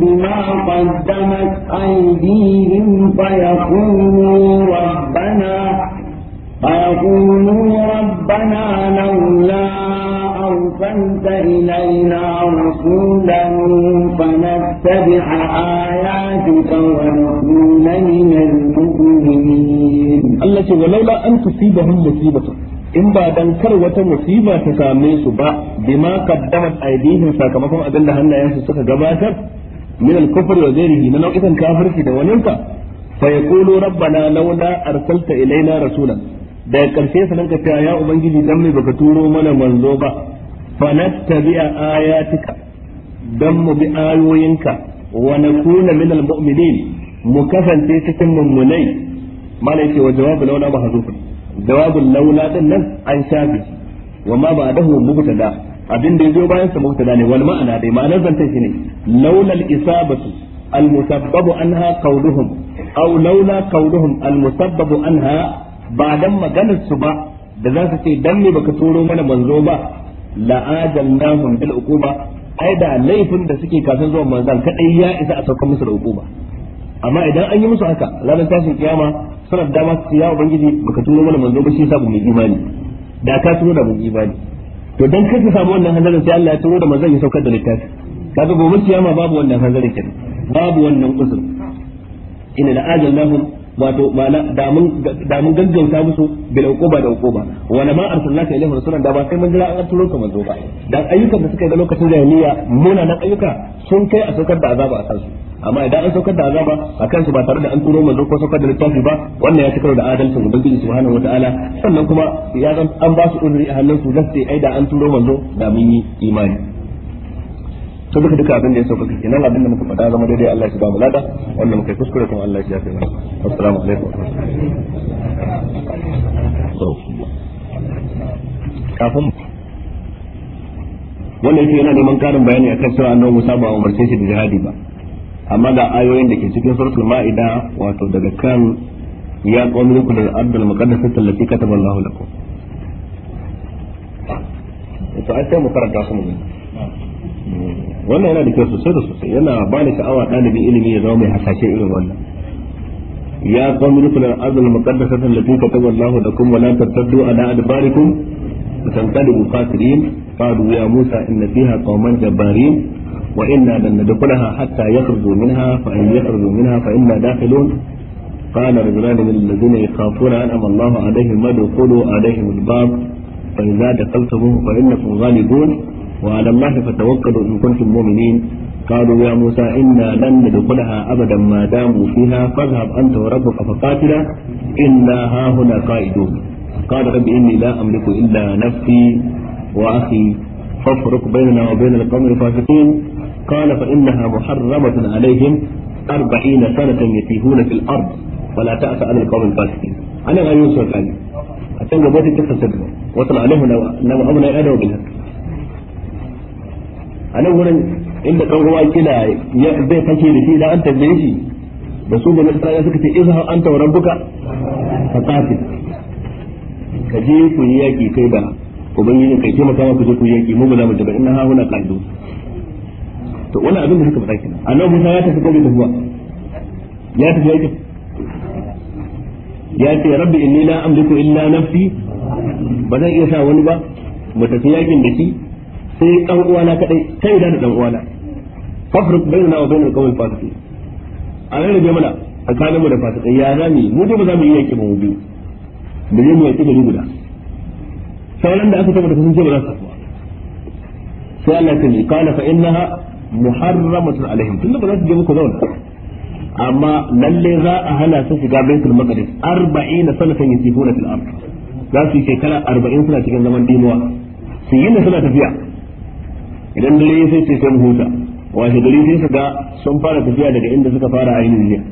بما قدمت أيديهم فيقولوا ربنا فيقولوا ربنا لولا أرسلت إلينا رسولا فنتبع آياتك ونكون من المؤمنين الله ولولا أن تصيبهم مصيبة in ba dan kar wata musiba ta same su ba bima qaddamat aydihim sakamakon abin da hannayensu suka gabatar min al kufri wa ghairihi na nau'ikan kafirci da waninka fa yaqulu rabbana laula arsalta ilaina rasulan da karshe su ranka cewa ya ubangiji dan mai baka turo mana manzo ba fanattabi'a ayatika dan mu bi ayoyinka wa kuna min almu'minin mu kasance cikin mummunai malai ce wa jawabu laula ba hazufu jawabu laula din nan an shafi wa ma ba'dahu mubtada abin da yazo bayan sa mubtada ne wal ma'ana dai ma'anar zantan shine laula al-isabatu المسبب عنها قولهم أو لولا قولهم المسبب عنها بعد ما قال السبع da za su ce dan ne baka turo mana manzo ba la'ajalnahum bil uquba ai da laifin da suke kafin zuwan manzan kadai ya isa a saukar musu da uquba amma idan an yi musu haka ranar tashin kiyama sanar da dama su ya ubangiji baka tuno mana manzo ba shi yasa mu imani da ka tuno da mu imani to dan kar ka samu wannan hanzarin sai Allah ya tuno da manzan ya saukar da littafi kaga gobe kiyama babu wannan hanzarin kenan babu wannan uzur inna la'ajalnahum wato ma'ana da mun da mun gaggauta musu bil uquba da uquba wala ma arsalnaka ilaihim rasulan da ba sai mun jira an turo ka manzo ba ayyukan da suka yi da lokacin jahiliya muna nan ayyuka sun kai a saukar da azaba a kansu amma idan an saukar da azaba a kansu ba tare da an turo manzo ko saukar da littafi ba wannan ya cikar da adalcin ubangiji subhanahu wataala sannan kuma ya zan an ba su uzuri a hannun su zasu ai da an turo manzo da mun yi imani to duka duka abin da ya sauka kenan abin da muka faɗa zama daidai Allah ya ba mu lada wanda muka yi kuskure kuma Allah ya yafe mana assalamu alaikum kafin wanda yake yana neman karin bayani akan cewa annabi Musa ba umarce shi da jihadi ba amma da ayoyin da ke cikin suratul ma'ida wato daga kan ya qawmi lakum al-ardul muqaddasatu allati kataba Allahu lakum to ai sai mu karanta su mu wannan yana da kyau sosai da sosai yana ba ni sha'awa ɗalibin ilimi ya zama mai hasashe irin wannan ya qawmi rukun al-azl muqaddasatan lati kataba Allahu lakum wa la tartaddu ala adbarikum fatanqalibu khasirin qalu ya Musa inna fiha qauman wa inna lan nadkhulaha hatta yakhruju minha fa in yakhruju minha fa inna dakhilun قال رجلان من الذين يخافون الله عليهم ادخلوا عليهم الباب دخلتموه غالبون وعلى الله فتوكلوا إن كنتم مؤمنين قالوا يا موسى إنا لن ندخلها أبدا ما داموا فيها فاذهب أنت وربك فقاتلا إنا هاهنا قائدون قال رب إني لا أملك إلا نفسي وأخي فافرق بيننا وبين القوم الفاسقين قال فإنها محرمة عليهم أربعين سنة يتيهون في الأرض ولا تأس على القوم الفاسقين أنا غير سؤال أتنقى بوتي تفسد وطلع عليهم نوع أمنا أدو بالهكذا a nan wurin inda kan uwa kila ya zai take da shi da an tambaye shi da su bane sai suka ce izha anta wa rabbuka fa qatil ka je ku yi yaki kai da ubangiji kai kuma kama ku je ku yi yaki mu ba za mu tabbata inna ha huna qaldu to wannan abin da suka faɗa kenan annabi Musa ya tafi kawai da huwa ya tafi yaki ya ce rabbi inni la amliku illa nafsi ba zan iya sa wani ba mu tafi yakin da shi sai dan uwana kadai kai da dan uwana fafruk bainana wa bainal qawmi fasiqin a nan da mana tsakanin mu da fasikai ya zami mu dai ba za mu yi yaki ba mu biyu da yi mu yaki gari guda sauran da aka taba da sun ce ba za su tafi sai Allah ya ce kana fa innaha muharramatun alaihim tunda ba za su je muku zauna amma lalle za a hana su shiga baitul maqdis 40 sanatan yasifuna fil ard za su yi shekara 40 suna cikin zaman dimuwa su yi suna tafiya idan dare ya sai ce kan huta washe dare sai su ga sun fara tafiya daga inda suka fara ainihin jiya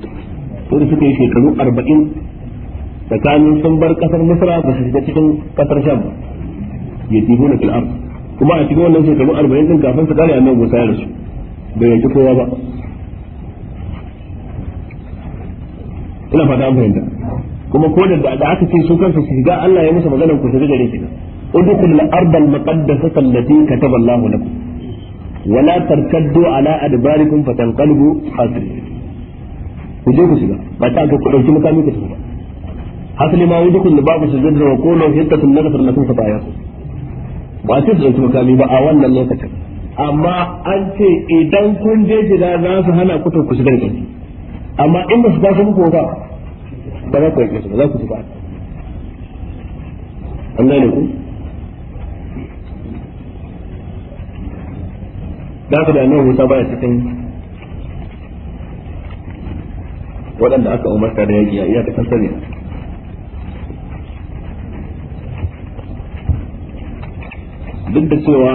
ko da suka yi shekaru arba'in tsakanin sun bar kasar misra ba su shiga cikin kasar sham ba ya tiho na fil'ar kuma a cikin wannan shekaru arba'in din kafin su kare annabi musa da su bai yanki kowa ba ina fata an fahimta kuma ko da aka ce su kansu su shiga Allah ya musu maganar ku shiga gare shi udkhul al-ardh al-muqaddasah allati kataba Allahu lakum wala tarkaddu ala adbarikum fatanqalbu hasir ku je ku shiga ba ta ga ku dauki makami ku tafi ba hasali ma wujukun da babu sujud wa kullu hittatun nafar lakum fa bayatu ba sai su dauki makami ba a wannan lokacin amma an ce idan kun je gida za su hana ku ku shiga da amma in ba su ba su muku ba ba za ku yi ba za ku ci ba an gane ku da da annabi Musa baya cikin waɗanda aka umarta da yaƙi a iyakacin sani duk da cewa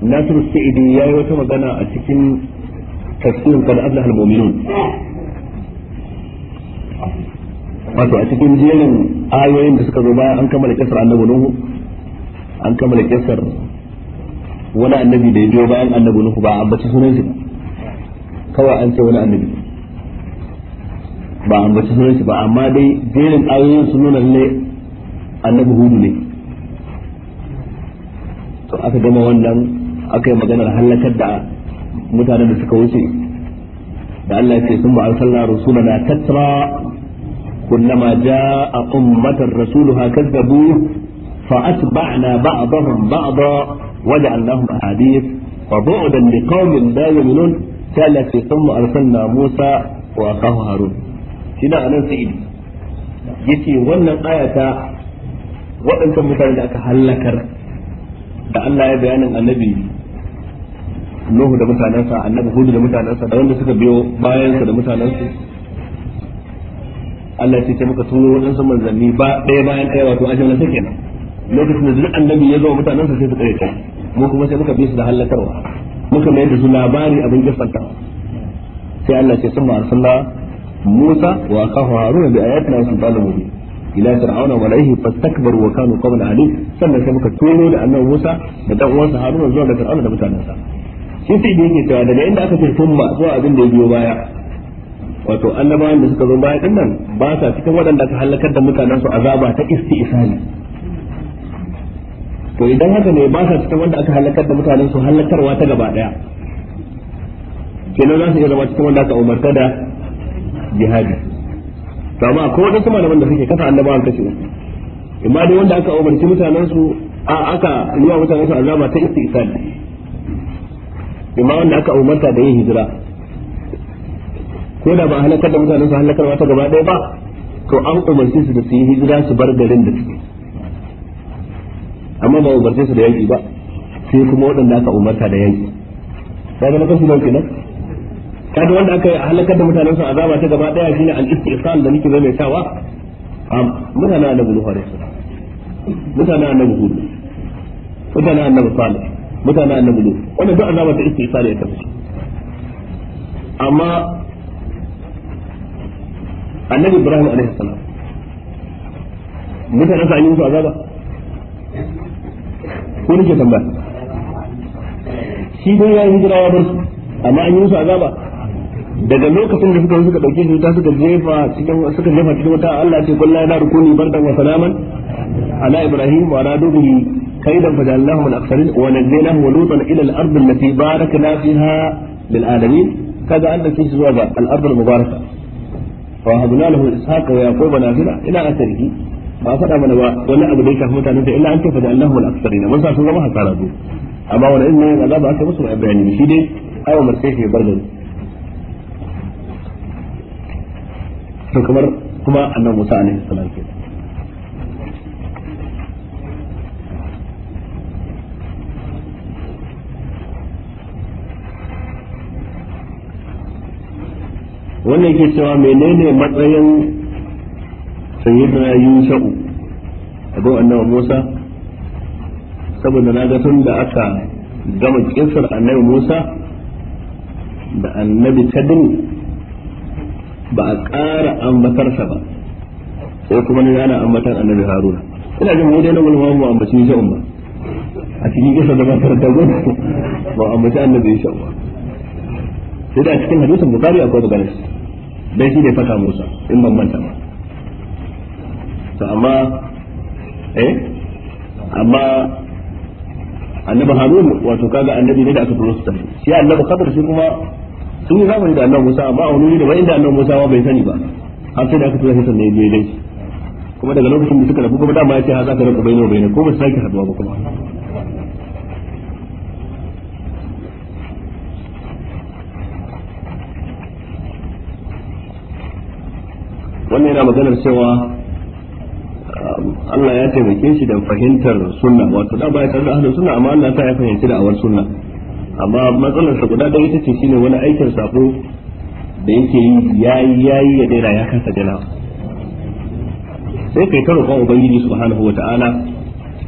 Nasiru Sa'idi ya yi wata magana a cikin tafsirin kan Allah al-Mu'minun wato a cikin jerin ayoyin da suka zo bayan an kammala kisar annabi Nuhu an kammala kisar wani annabi da ya biyo bayan annabi nuhu ba ambaci sunan shi ba kawai an ce wani annabi ba ambaci sunan shi ba amma dai jerin ayoyin sun nuna lalle annabi hudu ne to aka gama wannan aka yi maganar halakar da mutanen da suka wuce da Allah ya ce sun ba arsalna rasulana tatra kullama jaa ummatan rasuluha kadzabu fa atba'na ba'dahum ba'da وجعلناهم أحاديث وبعدا لقوم لا يؤمنون قال ثم أرسلنا موسى Harun. هارون شنا أنا سيدي yace wannan ayata waɗancan mutane da aka hallakar da Allah ya bayanin annabi Nuhu da mutanensa annabi Hudu da mutanensa da wanda suka biyo bayansa da mutanensu Allah ya ce muka turo waɗansu manzanni ba ɗaya bayan ɗaya wato ajin na kenan lokacin da duk annabi ya zama mutanen sa sai su kare ta mu kuma sai muka bi su da halakarwa muka mai da su labari abin gaskata sai Allah ce sun arsalna Musa wa akahu Harun bi ayatina wa sultanin mubin ila fir'auna wa laihi fastakbaru wa kanu qawlan Ali. sannan sai muka tono da annabi Musa da dan uwansa haruna zuwa ga fir'auna da mutanen mutanensa shi sai da yake cewa daga inda aka ce tumma zuwa abin da ya biyo baya wato annabawan da suka zo baya din nan ba sa cikin waɗanda aka halakar da mutanen su azaba ta isti'sali to idan haka ne ba sa cikin wanda aka halakar da mutanen su halakarwa ta gaba daya kenan za su iya zama cikin wanda aka umarta da jihadi to amma akwai wani kuma da suke kasa annabawan kashi uku imma dai wanda aka umarci mutanen su a aka yiwa mutanen su azaba ta istisal amma wanda aka umarta da yin hijira ko da ba halakar da mutanen su halakarwa ta gaba daya ba to an umarci su da su yi hijira su bar garin da suke amma ba umarce su da yanki ba sai kuma waɗanda aka umarta da da ba na ke nan kenan kaga wanda aka halakar da mutanen su azaba ta gaba daya shine al-istihsan da nake mai tawa mutanen annabi Nuhu alaihi salam mutanen annabi Hud mutanen annabi Salih mutanen annabi Lut wannan duk azaba ta istihsan ya tafi amma annabi Ibrahim alaihi salam mutanen sa an yi azaba ko nake tambaya shi dai yayin hijira ya bar su amma an yi musu azaba daga lokacin da suka suka dauke shi ta suka jefa cikin suka jefa cikin wata Allah ce kullahi na rukuni bardan wa salaman ala ibrahim wa ala dubri kaidan fajalnahu min aksarin wa najjaynahu wa lutan ila al-ard allati barakna fiha lil alamin kaga Allah da shi zuwa ga al-ard al-mubaraka wa habna lahu ishaqa wa yaquba nafila ila asrihi ba faɗa mana ba wani abu da ya shafi mutanen ta illa an tafa da Allahu wal aksarina mun sa sun zama hasara zu amma wani in ne azaba aka musu ba bayani shi dai awa marke shi bar da to kamar kuma annabi Musa alaihi salam ke wannan yake cewa menene matsayin sayyidina yusha'u abin annabi musa saboda na ga tun da aka gama kisar annabi musa da annabi kadin ba a ƙara ambatarsa ba sai kuma ni ana ambatar annabi haruna ina jin mu na mulma mu ambaci yusha'u ba a cikin kisa da matar da gudu ba ambaci annabi yusha'u ba sai da cikin a bukari akwai bugaris dai fata musa in ban manta ba to amma eh amma annabi harun wato kaga annabi ne da aka turo su tafi shi annabi khadir shi kuma sun yi zamani da annabi musa amma a wani da ba inda annabi musa ba bai sani ba har sai da aka tura shi sannan ya dai kuma daga lokacin da suka rabu kuma dama ya ce ha za ka rabu bai bai ko ba sai ka haduwa ba kuma wannan yana maganar cewa Allah ya taimake shi da fahimtar sunna wato da ba ya tarda ahlus sunna amma Allah ta ya fahimci da awar sunna amma matsalar sa guda dai ita ce shine wani aikin sako da yake yi yayi yayi ya daina ya kasa dana sai kai ta roƙon ubangiji subhanahu wataala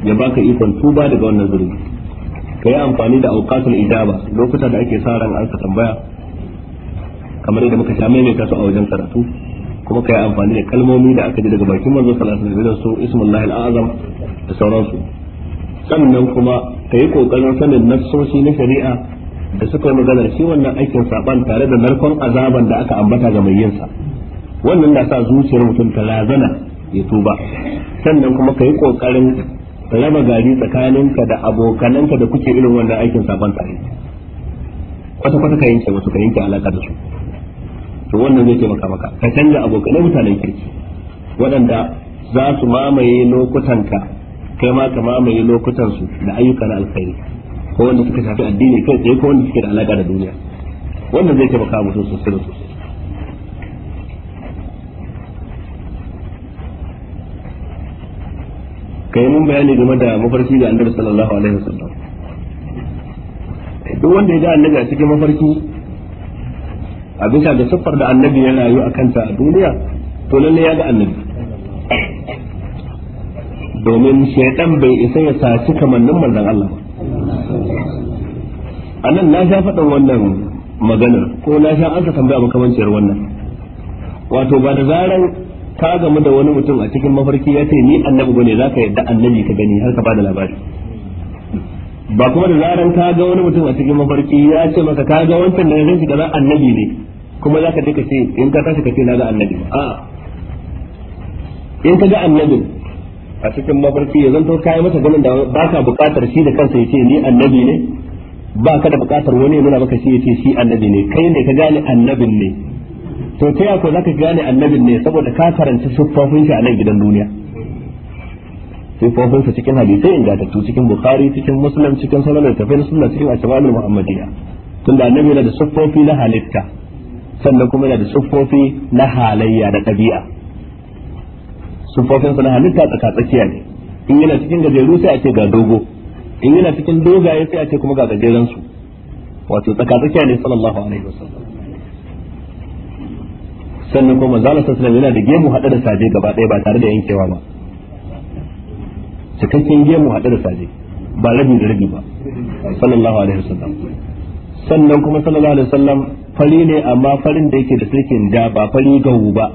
ya baka ikon tuba daga wannan zurfi kai amfani da auqatul idaba lokuta da ake sa ran an tambaya kamar yadda muka sha maimaita su a wajen karatu kuma kai amfani da kalmomi da aka ji daga bakin manzo sallallahu alaihi wasallam su ismullahi al'azam da sauransu sannan kuma kai kokarin sanin nassoshi na shari'a da suka yi magana shi wannan aikin saban tare da narkon azaban da aka ambata ga mai yinsa wannan na sa zuciyar mutum ta lazana ya tuba sannan kuma ka kokarin raba gari tsakaninka da abokananka da kuke irin wannan aikin saban tare kwata kwata ka yanke wasu ka yanke alaka da su to wannan zai taimaka maka ka canza abokanai mutanen kirki waɗanda za su mamaye lokutanka kai ma ka mamaye lokutansu da ayyuka na alkhairi ko wanda suka shafi addini kai tsaye ko wanda suke da alaka da duniya wannan zai taimaka mutum sosai da sosai kai mun bayani game da mafarki da annabi sallallahu alaihi wasallam duk wanda ya ga annabi a cikin mafarki a bisa da siffar da annabi ya rayu a kanta a duniya to lalle ya ga annabi domin shaidan bai isa ya saci kamannin manzon Allah a nan na sha faɗin wannan maganar ko na sha an ansa tambaya makamanciyar wannan wato ba da zaran ka gamu da wani mutum a cikin mafarki ya ce ni annabi za ka yadda annabi ka gani har ka bada labari ba kuma da zaran ka ga wani mutum a cikin mafarki ya ce maka ka ga wancan da zai shiga annabi ne kuma za ka je ka ce in ka tashi ka ce na ga annabi a in ka ga annabin a cikin mafarki ya zanto kayi masa ganin da ba ka buƙatar shi da kansa ya ce ni annabi ne ba ka da buƙatar wani ya nuna maka shi ya ce shi annabi ne kai ne ka gane annabin ne to ta yako za ka gane annabin ne saboda ka karanci siffofin shi a nan gidan duniya sa cikin hadisai ingantattu cikin bukhari cikin muslim cikin sanar da suna sunna cikin ashababul muhammadiyya tunda annabi yana da siffofi na halitta sannan kuma yana da siffofi na halayya da ɗabi'a siffofinsa na halitta tsaka tsakiya ne in yana cikin gajeru sai a ce ga dogo in yana cikin dogaye sai a ce kuma ga gajeren su wato tsaka tsakiya ne sallallahu alaihi wasallam sannan kuma manzo Allah sallallahu yana da gemu hada da saje gaba ɗaya ba tare da yankewa ba cikakken gemu hada da saje ba rabi da rabi ba sallallahu alaihi wasallam sannan kuma sallallahu alaihi wasallam fari ne amma farin da yake da sirkin da ba fari gawu ba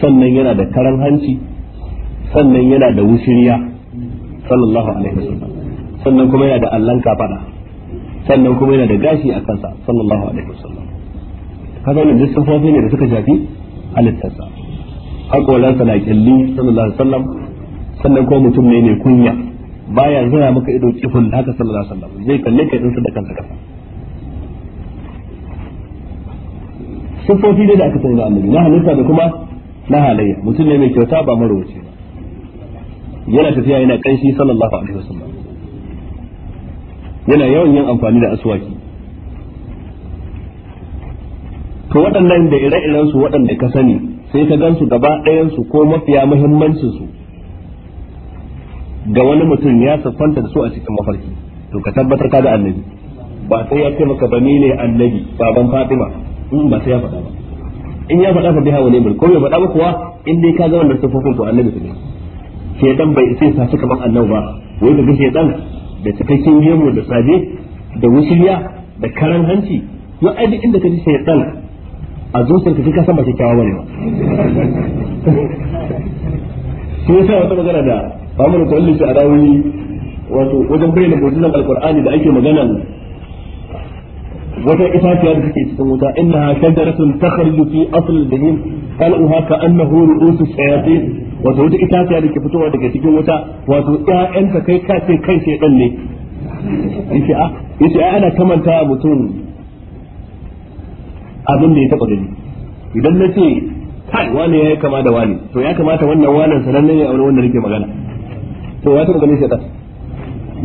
sannan yana da karan hanci sannan yana da wusiriya. sallallahu alaihi wasallam sannan kuma yana da allan kafada sannan kuma yana da gashi a kansa sallallahu alaihi wasallam kaga ne duk sufofi ne da suka shafi halittarsa hakolansa na kyalli sallallahu alaihi wasallam sannan kuma mutum ne mai kunya baya zira maka ido kifin haka sallallahu alaihi wasallam zai kalle ka su da kansa kafa. sufofi dai da aka sani na annabi na halitta da kuma na halayya mutum ne mai kyauta ba mara ba yana tafiya yana kanshi sallallahu alaihi wasallam yana yawan yin amfani da aswaki to waɗannan da ire-iren su waɗanda ka sani sai ka gansu gaba ɗayan su ko mafiya muhimmancin su ga wani mutum ya siffanta da su a cikin mafarki to ka tabbatar ka da annabi ba sai ya ce maka bani ne annabi baban fatima in ba sai ya faɗa ba in ya faɗa fa biha wa ni'mal ko ya faɗa ba kuwa in dai ka ga wannan sufofin ko annabi ne dan bai sai sa suka ban annabi ba wai sai dan da cikakken yemo da sabe da wusuliya da karan hanci ko ai duk inda ka ji dan a zuciyarka kika san ba kyakkyawa bane ba shi yasa wata magana da ba mu da kullu shi a rawi wato wajen bayyana mu'jizan alqur'ani da ake maganan wata itaciya da take cikin wuta innaha shajaratun takhruju fi asl al-jahim qal'uha ka'annahu ru'usu shayatin wato wata itaciya da ke fitowa daga cikin wuta wato ƴaƴanta kai ka ce kai shedan ne yace a ah, yace ai ana kamanta mutum abin da ya taba gani idan nace ce kai wani ya kama da wani to ya kamata wannan wani sanannen ne a wani wanda nake magana to ya taba ganin shedan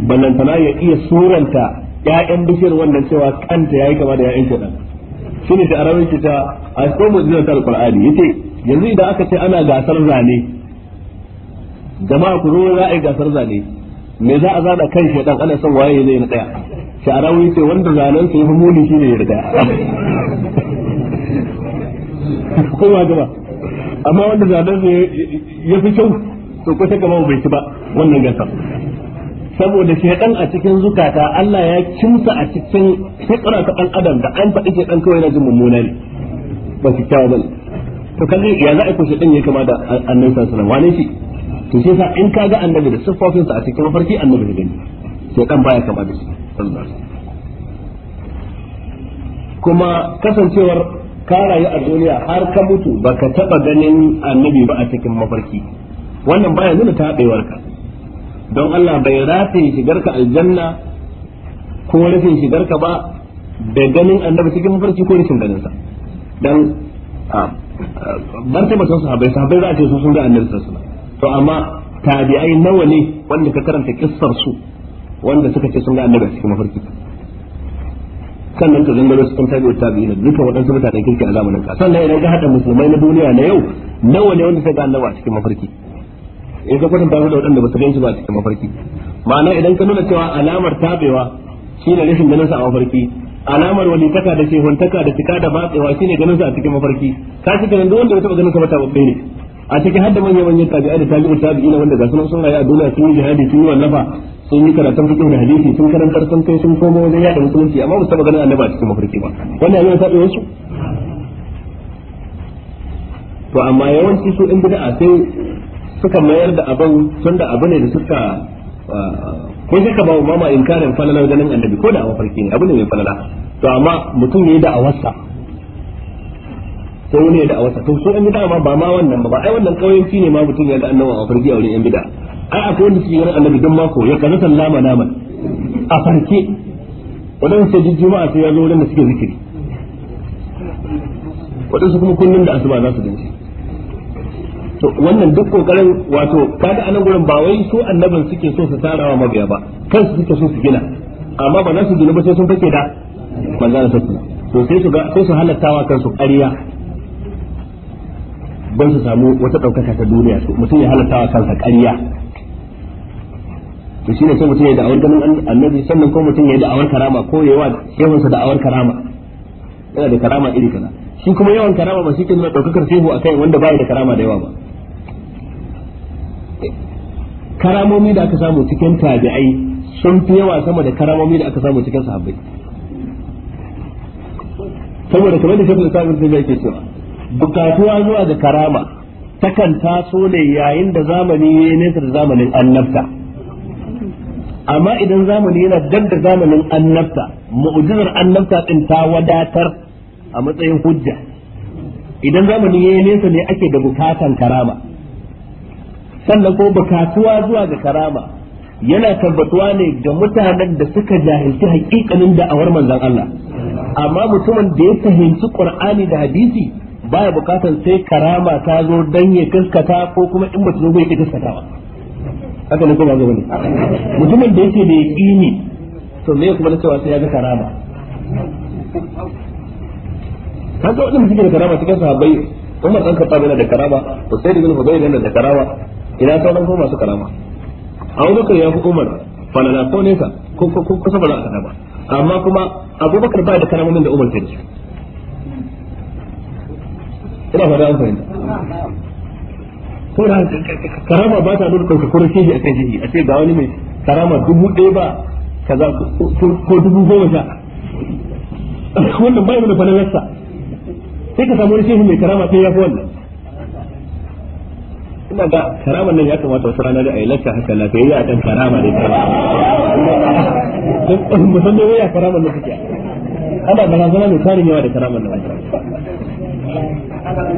ballantana ya iya suranta ƴaƴan bishiyar wannan cewa kanta yayi kama da ƴaƴan kenan shine da arabin ki ta a cikin zina ta alqur'ani yace yanzu idan aka ce ana gasar zane jama'a ku zo za a yi gasar zane me za a zana kan shedan ana son waye ne na daya sha'arawi ce wanda zanen sa yafi muni shine ya daya kowa gaba amma wanda zanen sa yafi kyau to ko ta gaba bai ci ba wannan gasar saboda shaidan a cikin zukata Allah ya kimsa a cikin fitra ta dan adam da an faɗi shaidan kawai na jin mummuna ne ba su kyawa bane to kalli ya za a ko shaidan ya kama da annabi sallallahu alaihi wasallam wane shi to shi sa in kaga annabi da siffofin sa a cikin mafarki annabi da gani kan baya kama da shi kuma kasancewar ka rayu a duniya har ka mutu baka taba ganin annabi ba a cikin mafarki wannan baya nuna ka. don Allah bai rataye shigarka aljanna ko rashin shigarka ba da ganin annabi cikin mafarki ko rashin ganin sa dan taba sun sahabbai sahabbai za a ce su sun ga annabi sallallahu alaihi wasallam to amma tabi'ai nawa ne wanda ka karanta kissar su wanda suka ce sun ga annabi cikin mafarki sannan ka zangaro su kanta biyar tabi'ina duka waɗansu mutanen kirki a zamanin ka sannan idan ka hada musulmai na duniya na yau nawa ne wanda suka ga annabi a cikin mafarki in ka kwatanta da waɗanda ba su gan shi ba cikin mafarki ma'ana idan ka nuna cewa alamar tabewa shine rashin ganin sa a mafarki alamar taka da shehuntaka da cika da batsewa shine ganin sa a cikin mafarki ka shi ganin wanda ya taba ganin sa ba tabbe ne a cikin hadda manyan manyan tabi'a da tabi'u tabi'ina wanda ga sunan sun rayu a duniya sun yi jihadi sun yi nafa sun yi karatun fiqh da hadisi sun karantar sun kai sun komo wajen yada musulunci amma ba su taba ganin annaba a cikin mafarki ba wannan yana tabewa wasu to amma yawanci su in bid'a sai suka mayar da abin da abu ne da suka ah, ko ka ba mama inkarin falalar ganin annabi ko da mafarki ne abu ne mai falala to amma mutum ne da awarsa sai wani da awarsa to so an bida ma ba ma wannan ba ai wannan kauyanci ne ma mutum ya da annabi a farki a wurin yan bida ai akwai wanda suke ganin annabi don mako ya kaza sallama nama a farke wadansu sai juma'a sai ya zo wurin da suke zikiri wadansu kuma kullum da asuba za su dinci to wannan duk kokarin wato kaga anan gurin ba wai su annaban suke so su tarawa mabiya ba kansu suke so su gina amma ba za su gina ba sai sun fake da manzana sassana to sai su ga sai su halattawa kansu ƙarya ban su samu wata ɗaukaka ta duniya su mutum ya halattawa kansa ƙarya to shine sai mutum ya da'awar ganin annabi sannan ko mutum ya da'awar karama ko yawa da da'awar karama yana da karama iri kaza shi kuma yawan karama ba shi ke nuna ɗaukakar A kai wanda bai da karama da yawa ba karamomi da aka samu cikin tabi'ai sun fi yawa sama da karamomi da aka samu cikin sahabbai saboda kamar da shekul samun zai yake cewa bukatuwa zuwa da karama takan taso ne yayin da zamani ya yi nesa da zamanin annabta amma idan zamani yana dab da zamanin annabta mu'jizar annabta din ta wadatar a matsayin hujja idan zamani ya yi nesa ne ake da bukatan karama sannan ko bukatuwa zuwa ga karama yana tabbatuwa ne ga mutanen da suka jahilci hakikanin da'awar manzon Allah amma mutumin da ya fahimci Qur'ani da hadisi baya bukatan sai karama ta zo dan ya gaskata ko kuma in mutum ya gaskata ba haka ne ba ne mutumin da yake da yaqini to me kuma da cewa sai ya ga karama kaga wadanda suke da karama cikin sahabbai Umar dan Khattab yana da karama Usayd bin Hudayr yana da karama ina sauran kuma masu karama Abu Bakar ya fi Umar falala ko nesa ko ko ko kusa ba za ba amma kuma Abu Bakar ba da karama min da Umar take da ina fara an fahimta ko karama ba ta nuna kanka kurkin shi kan jihi a ce ga wani mai karama dubu ɗaya ba kaza ko dubu goma sha wannan bai nuna falalarsa sai ka samu wani shehu mai karama sai ya fi wannan ina ga karaman nan ya kamata wata rana da a yi lakka haka lafiyayya a kan karama da karama musamman ya karaman nan suke ana barazana mai tarin yawa da karaman nan Thank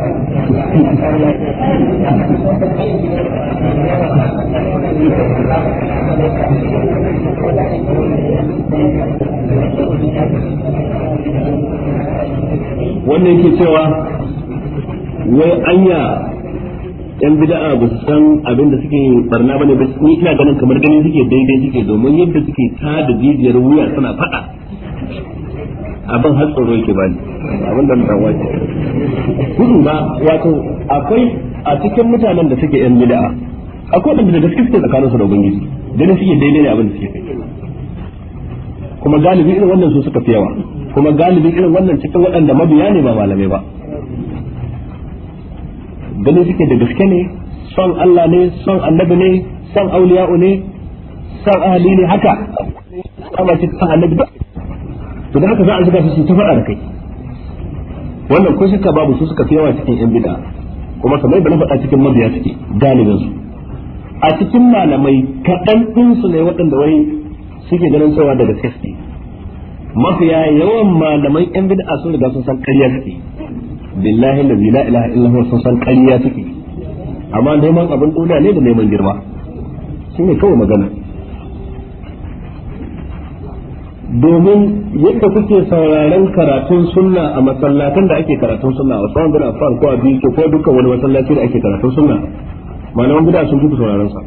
wannan ke cewa wai anya yan bid'a ba su san abin da suke barna bane ba ni ina ganin kamar ganin suke daidai suke domin yadda suke ta da jijiyar wuya suna fada abin har tsoro yake bani abin da mutan wace kudu ba wato akwai a cikin mutanen da suke yan bid'a akwai wanda da gaske suke tsakanin su da ubangiji ganin suke daidai ne abin da suke kai kuma galibi irin wannan su suka fi yawa kuma galibin irin wannan cikin waɗanda mabiya ne ba malamai ba ganin suke da gaske ne son Allah ne son annabi ne son auliya'u ne son ahli ne haka kama ce son annabi ba to da haka za a zuga su ta faɗa da kai wannan ko shakka babu su suka fi yawa cikin yan bid'a kuma kamar yadda na faɗa cikin mabiya suke galibin su a cikin malamai kaɗan ɗinsu ne waɗanda wai suke ganin cewa daga gaske suke mafiya yawan malaman yan bid'a sun riga sun san ƙarya suke billahi la ilaha illa huwa sun san ƙarya suke amma neman abin duniya ne da neman girma ne kawai magana domin yadda kuke sauraron karatun sunna a masallatan da ake karatun sunna a tsawon bin affan ko a biyu ko dukkan wani masallaci da ake karatun sunna malaman gida sun fi sauraron sa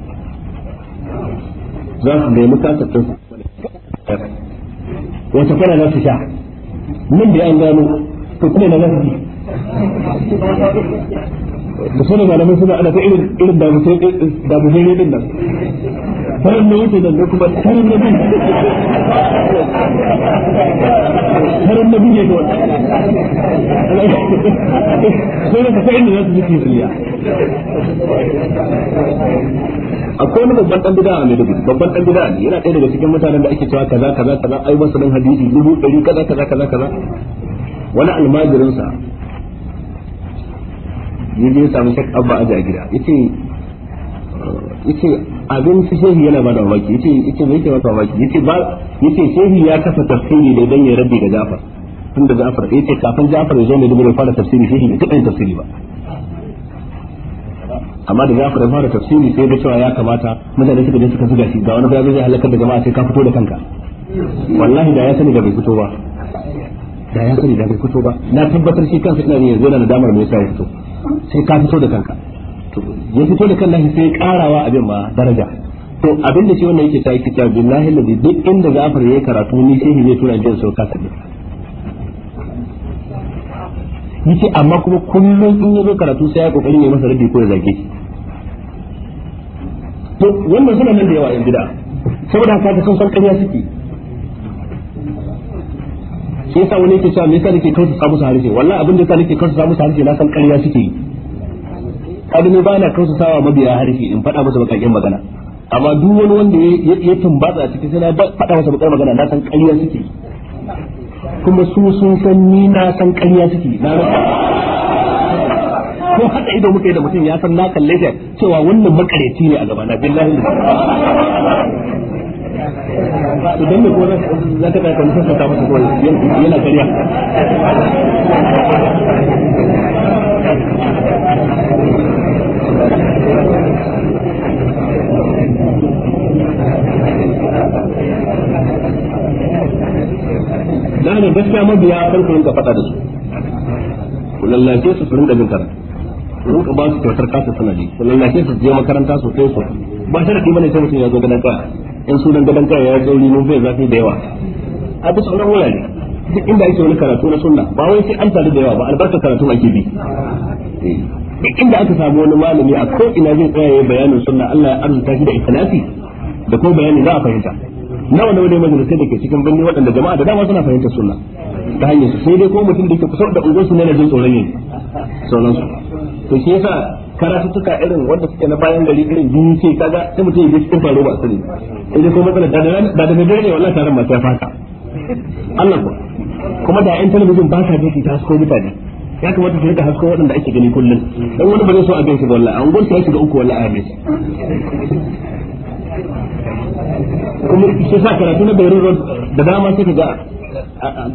za su nemi kasattun sa wata kwana za su sha nan da an gano ko kuma na za su ji da sanin malamai suna ana ta irin da damu sai din nan har na wuce nan kuma na na ga sai za su akwai wani babban dan babban dan yana ɗaya daga cikin mutanen da ake cewa kaza kaza kaza ai masa nan hadisi dubu ɗari kaza kaza kaza kaza wani almajirinsa a gida yace abin su shehi yana da mamaki yace yace me yake masa mamaki yace ba yace shehi ya kafa tafsiri da dan ya rabbi ga Ja'far tun da Ja'far yace kafin Ja'far ya zo ne da fara tafsiri shehi bai taɓa yin tafsiri ba amma da Ja'far ya fara tafsiri sai da cewa ya kamata mutane suka je suka zuga shi ga wani ba zai halakar da jama'a sai ka fito da kanka wallahi da ya sani da bai fito ba da ya sani da bai fito ba na tabbatar shi kansa ina ne yanzu yana da damar me yasa ya fito sai ka fito da kanka ya fito da kan sai karawa abin ma daraja to abin da shi wannan yake sai kitab billahi ladhi duk inda Ja'far yayi karatu ni sai ne tura jin sauka ta ne yace amma kuma kullum in yazo karatu sai ya kokari ne masa raddi ko ya zage shi to wannan suna nan da yawa yan bid'a saboda haka sun san kariya suke sai sa wani yake cewa me yasa nake kausa musu harshe wallahi abin da yasa nake kausa musu harshe na san kariya suke yi ba na bana sawa mabiya harfi in faɗa masa bakakken magana amma duk wani wanda ya tumbatsa a cikin sai faɗa masa bakar magana na san ƙarya suke kuma su sun san ni na san ƙarya suke na ko hada ido muke yi da mutum ya san na kalle shi cewa wannan makareci ne a gaba na billahi to dan me ko za kai kan sun ta masa yana ƙarya da haka gaskiya mabiya kan ku rinka faɗa da su ku lallace su su rinka bin karatu ku rinka ba su kyautar kasa sanadi ku lallace su je makaranta su sai su ba sharadi ne sai mutum ya zo gadon kaya in sunan gadon kaya ya zo mun bai zafi da yawa a bisa wannan wurare duk inda ake wani karatu na sunna ba wai sai an taru da yawa ba albarkar karatu ake bi eh, duk inda aka samu wani malami a ko ina zai tsaya bayanin sunna Allah ya arzuta shi da ikhlasi da kuma bayani za a fahimta nawa nawa ne sai da ke cikin birni waɗanda jama'a da dama suna fahimtar sunna ta hanyar su sai dai ko mutum da ke kusa da ungon su ne na jin tsoron yin su to shi yasa karatuttuka irin wanda suke na bayan gari irin biyu ce kaga sai mutum ya cikin faruwa a sani idan ko matsalar da da dare ne wallahi taron masu ya fata Allah ko kuma da yan talabijin ba sa jiki ta hasko mutane ya kamata su rika hasko waɗanda ake gani kullum dan wani ba zai so a gaisa wallahi an gonta ya shiga uku wallahi a gaisa kuma shi sa karatu na bayan Road da dama sai ga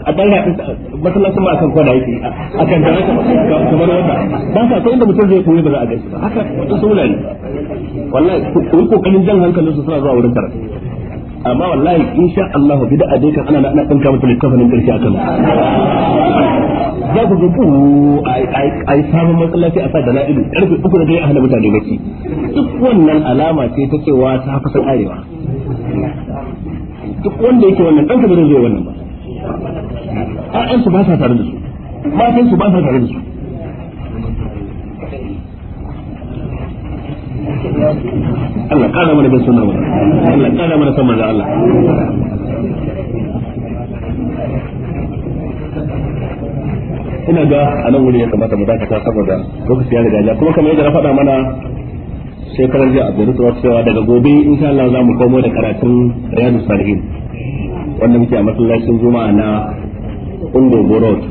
a dan yaɗin masallacin ba kan kwada yake a kan da kamar wanda ba sa kai inda mutum zai koyi ba za a gaisu ba haka wata saulayi wallahi ku yi kokarin jan hankalin su suna zuwa wurin karatu amma wallahi in sha Allah bi da kan ana na ana dinka mutum kafanin karshe akan za ku ga ku a yi sabon masallaci a sa da na'idu karfe uku da dai a hana mutane bacci duk wannan alama ce ta cewa ta kusa karewa duk wanda yake wannan ɗanka ba zai zo wannan ba ƴaƴan su ba sa tare da su matan su ba sa tare da su Allah kada mana bin sunan wannan Allah kana mana san manzo Allah ina ga a nan wuri ya kamata mu dakata saboda lokaci ya riga kuma kamar yadda na faɗa mana shekaran jiya a abu tuwa cewa daga gobe insha Allah za mu komo da karatun riyadu salihin wanda muke a masallacin zuma na ungogo road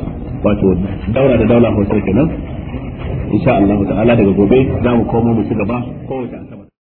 wato daura da daula hotel kenan insha Allah ta'ala daga gobe za mu komo mu ci gaba kowace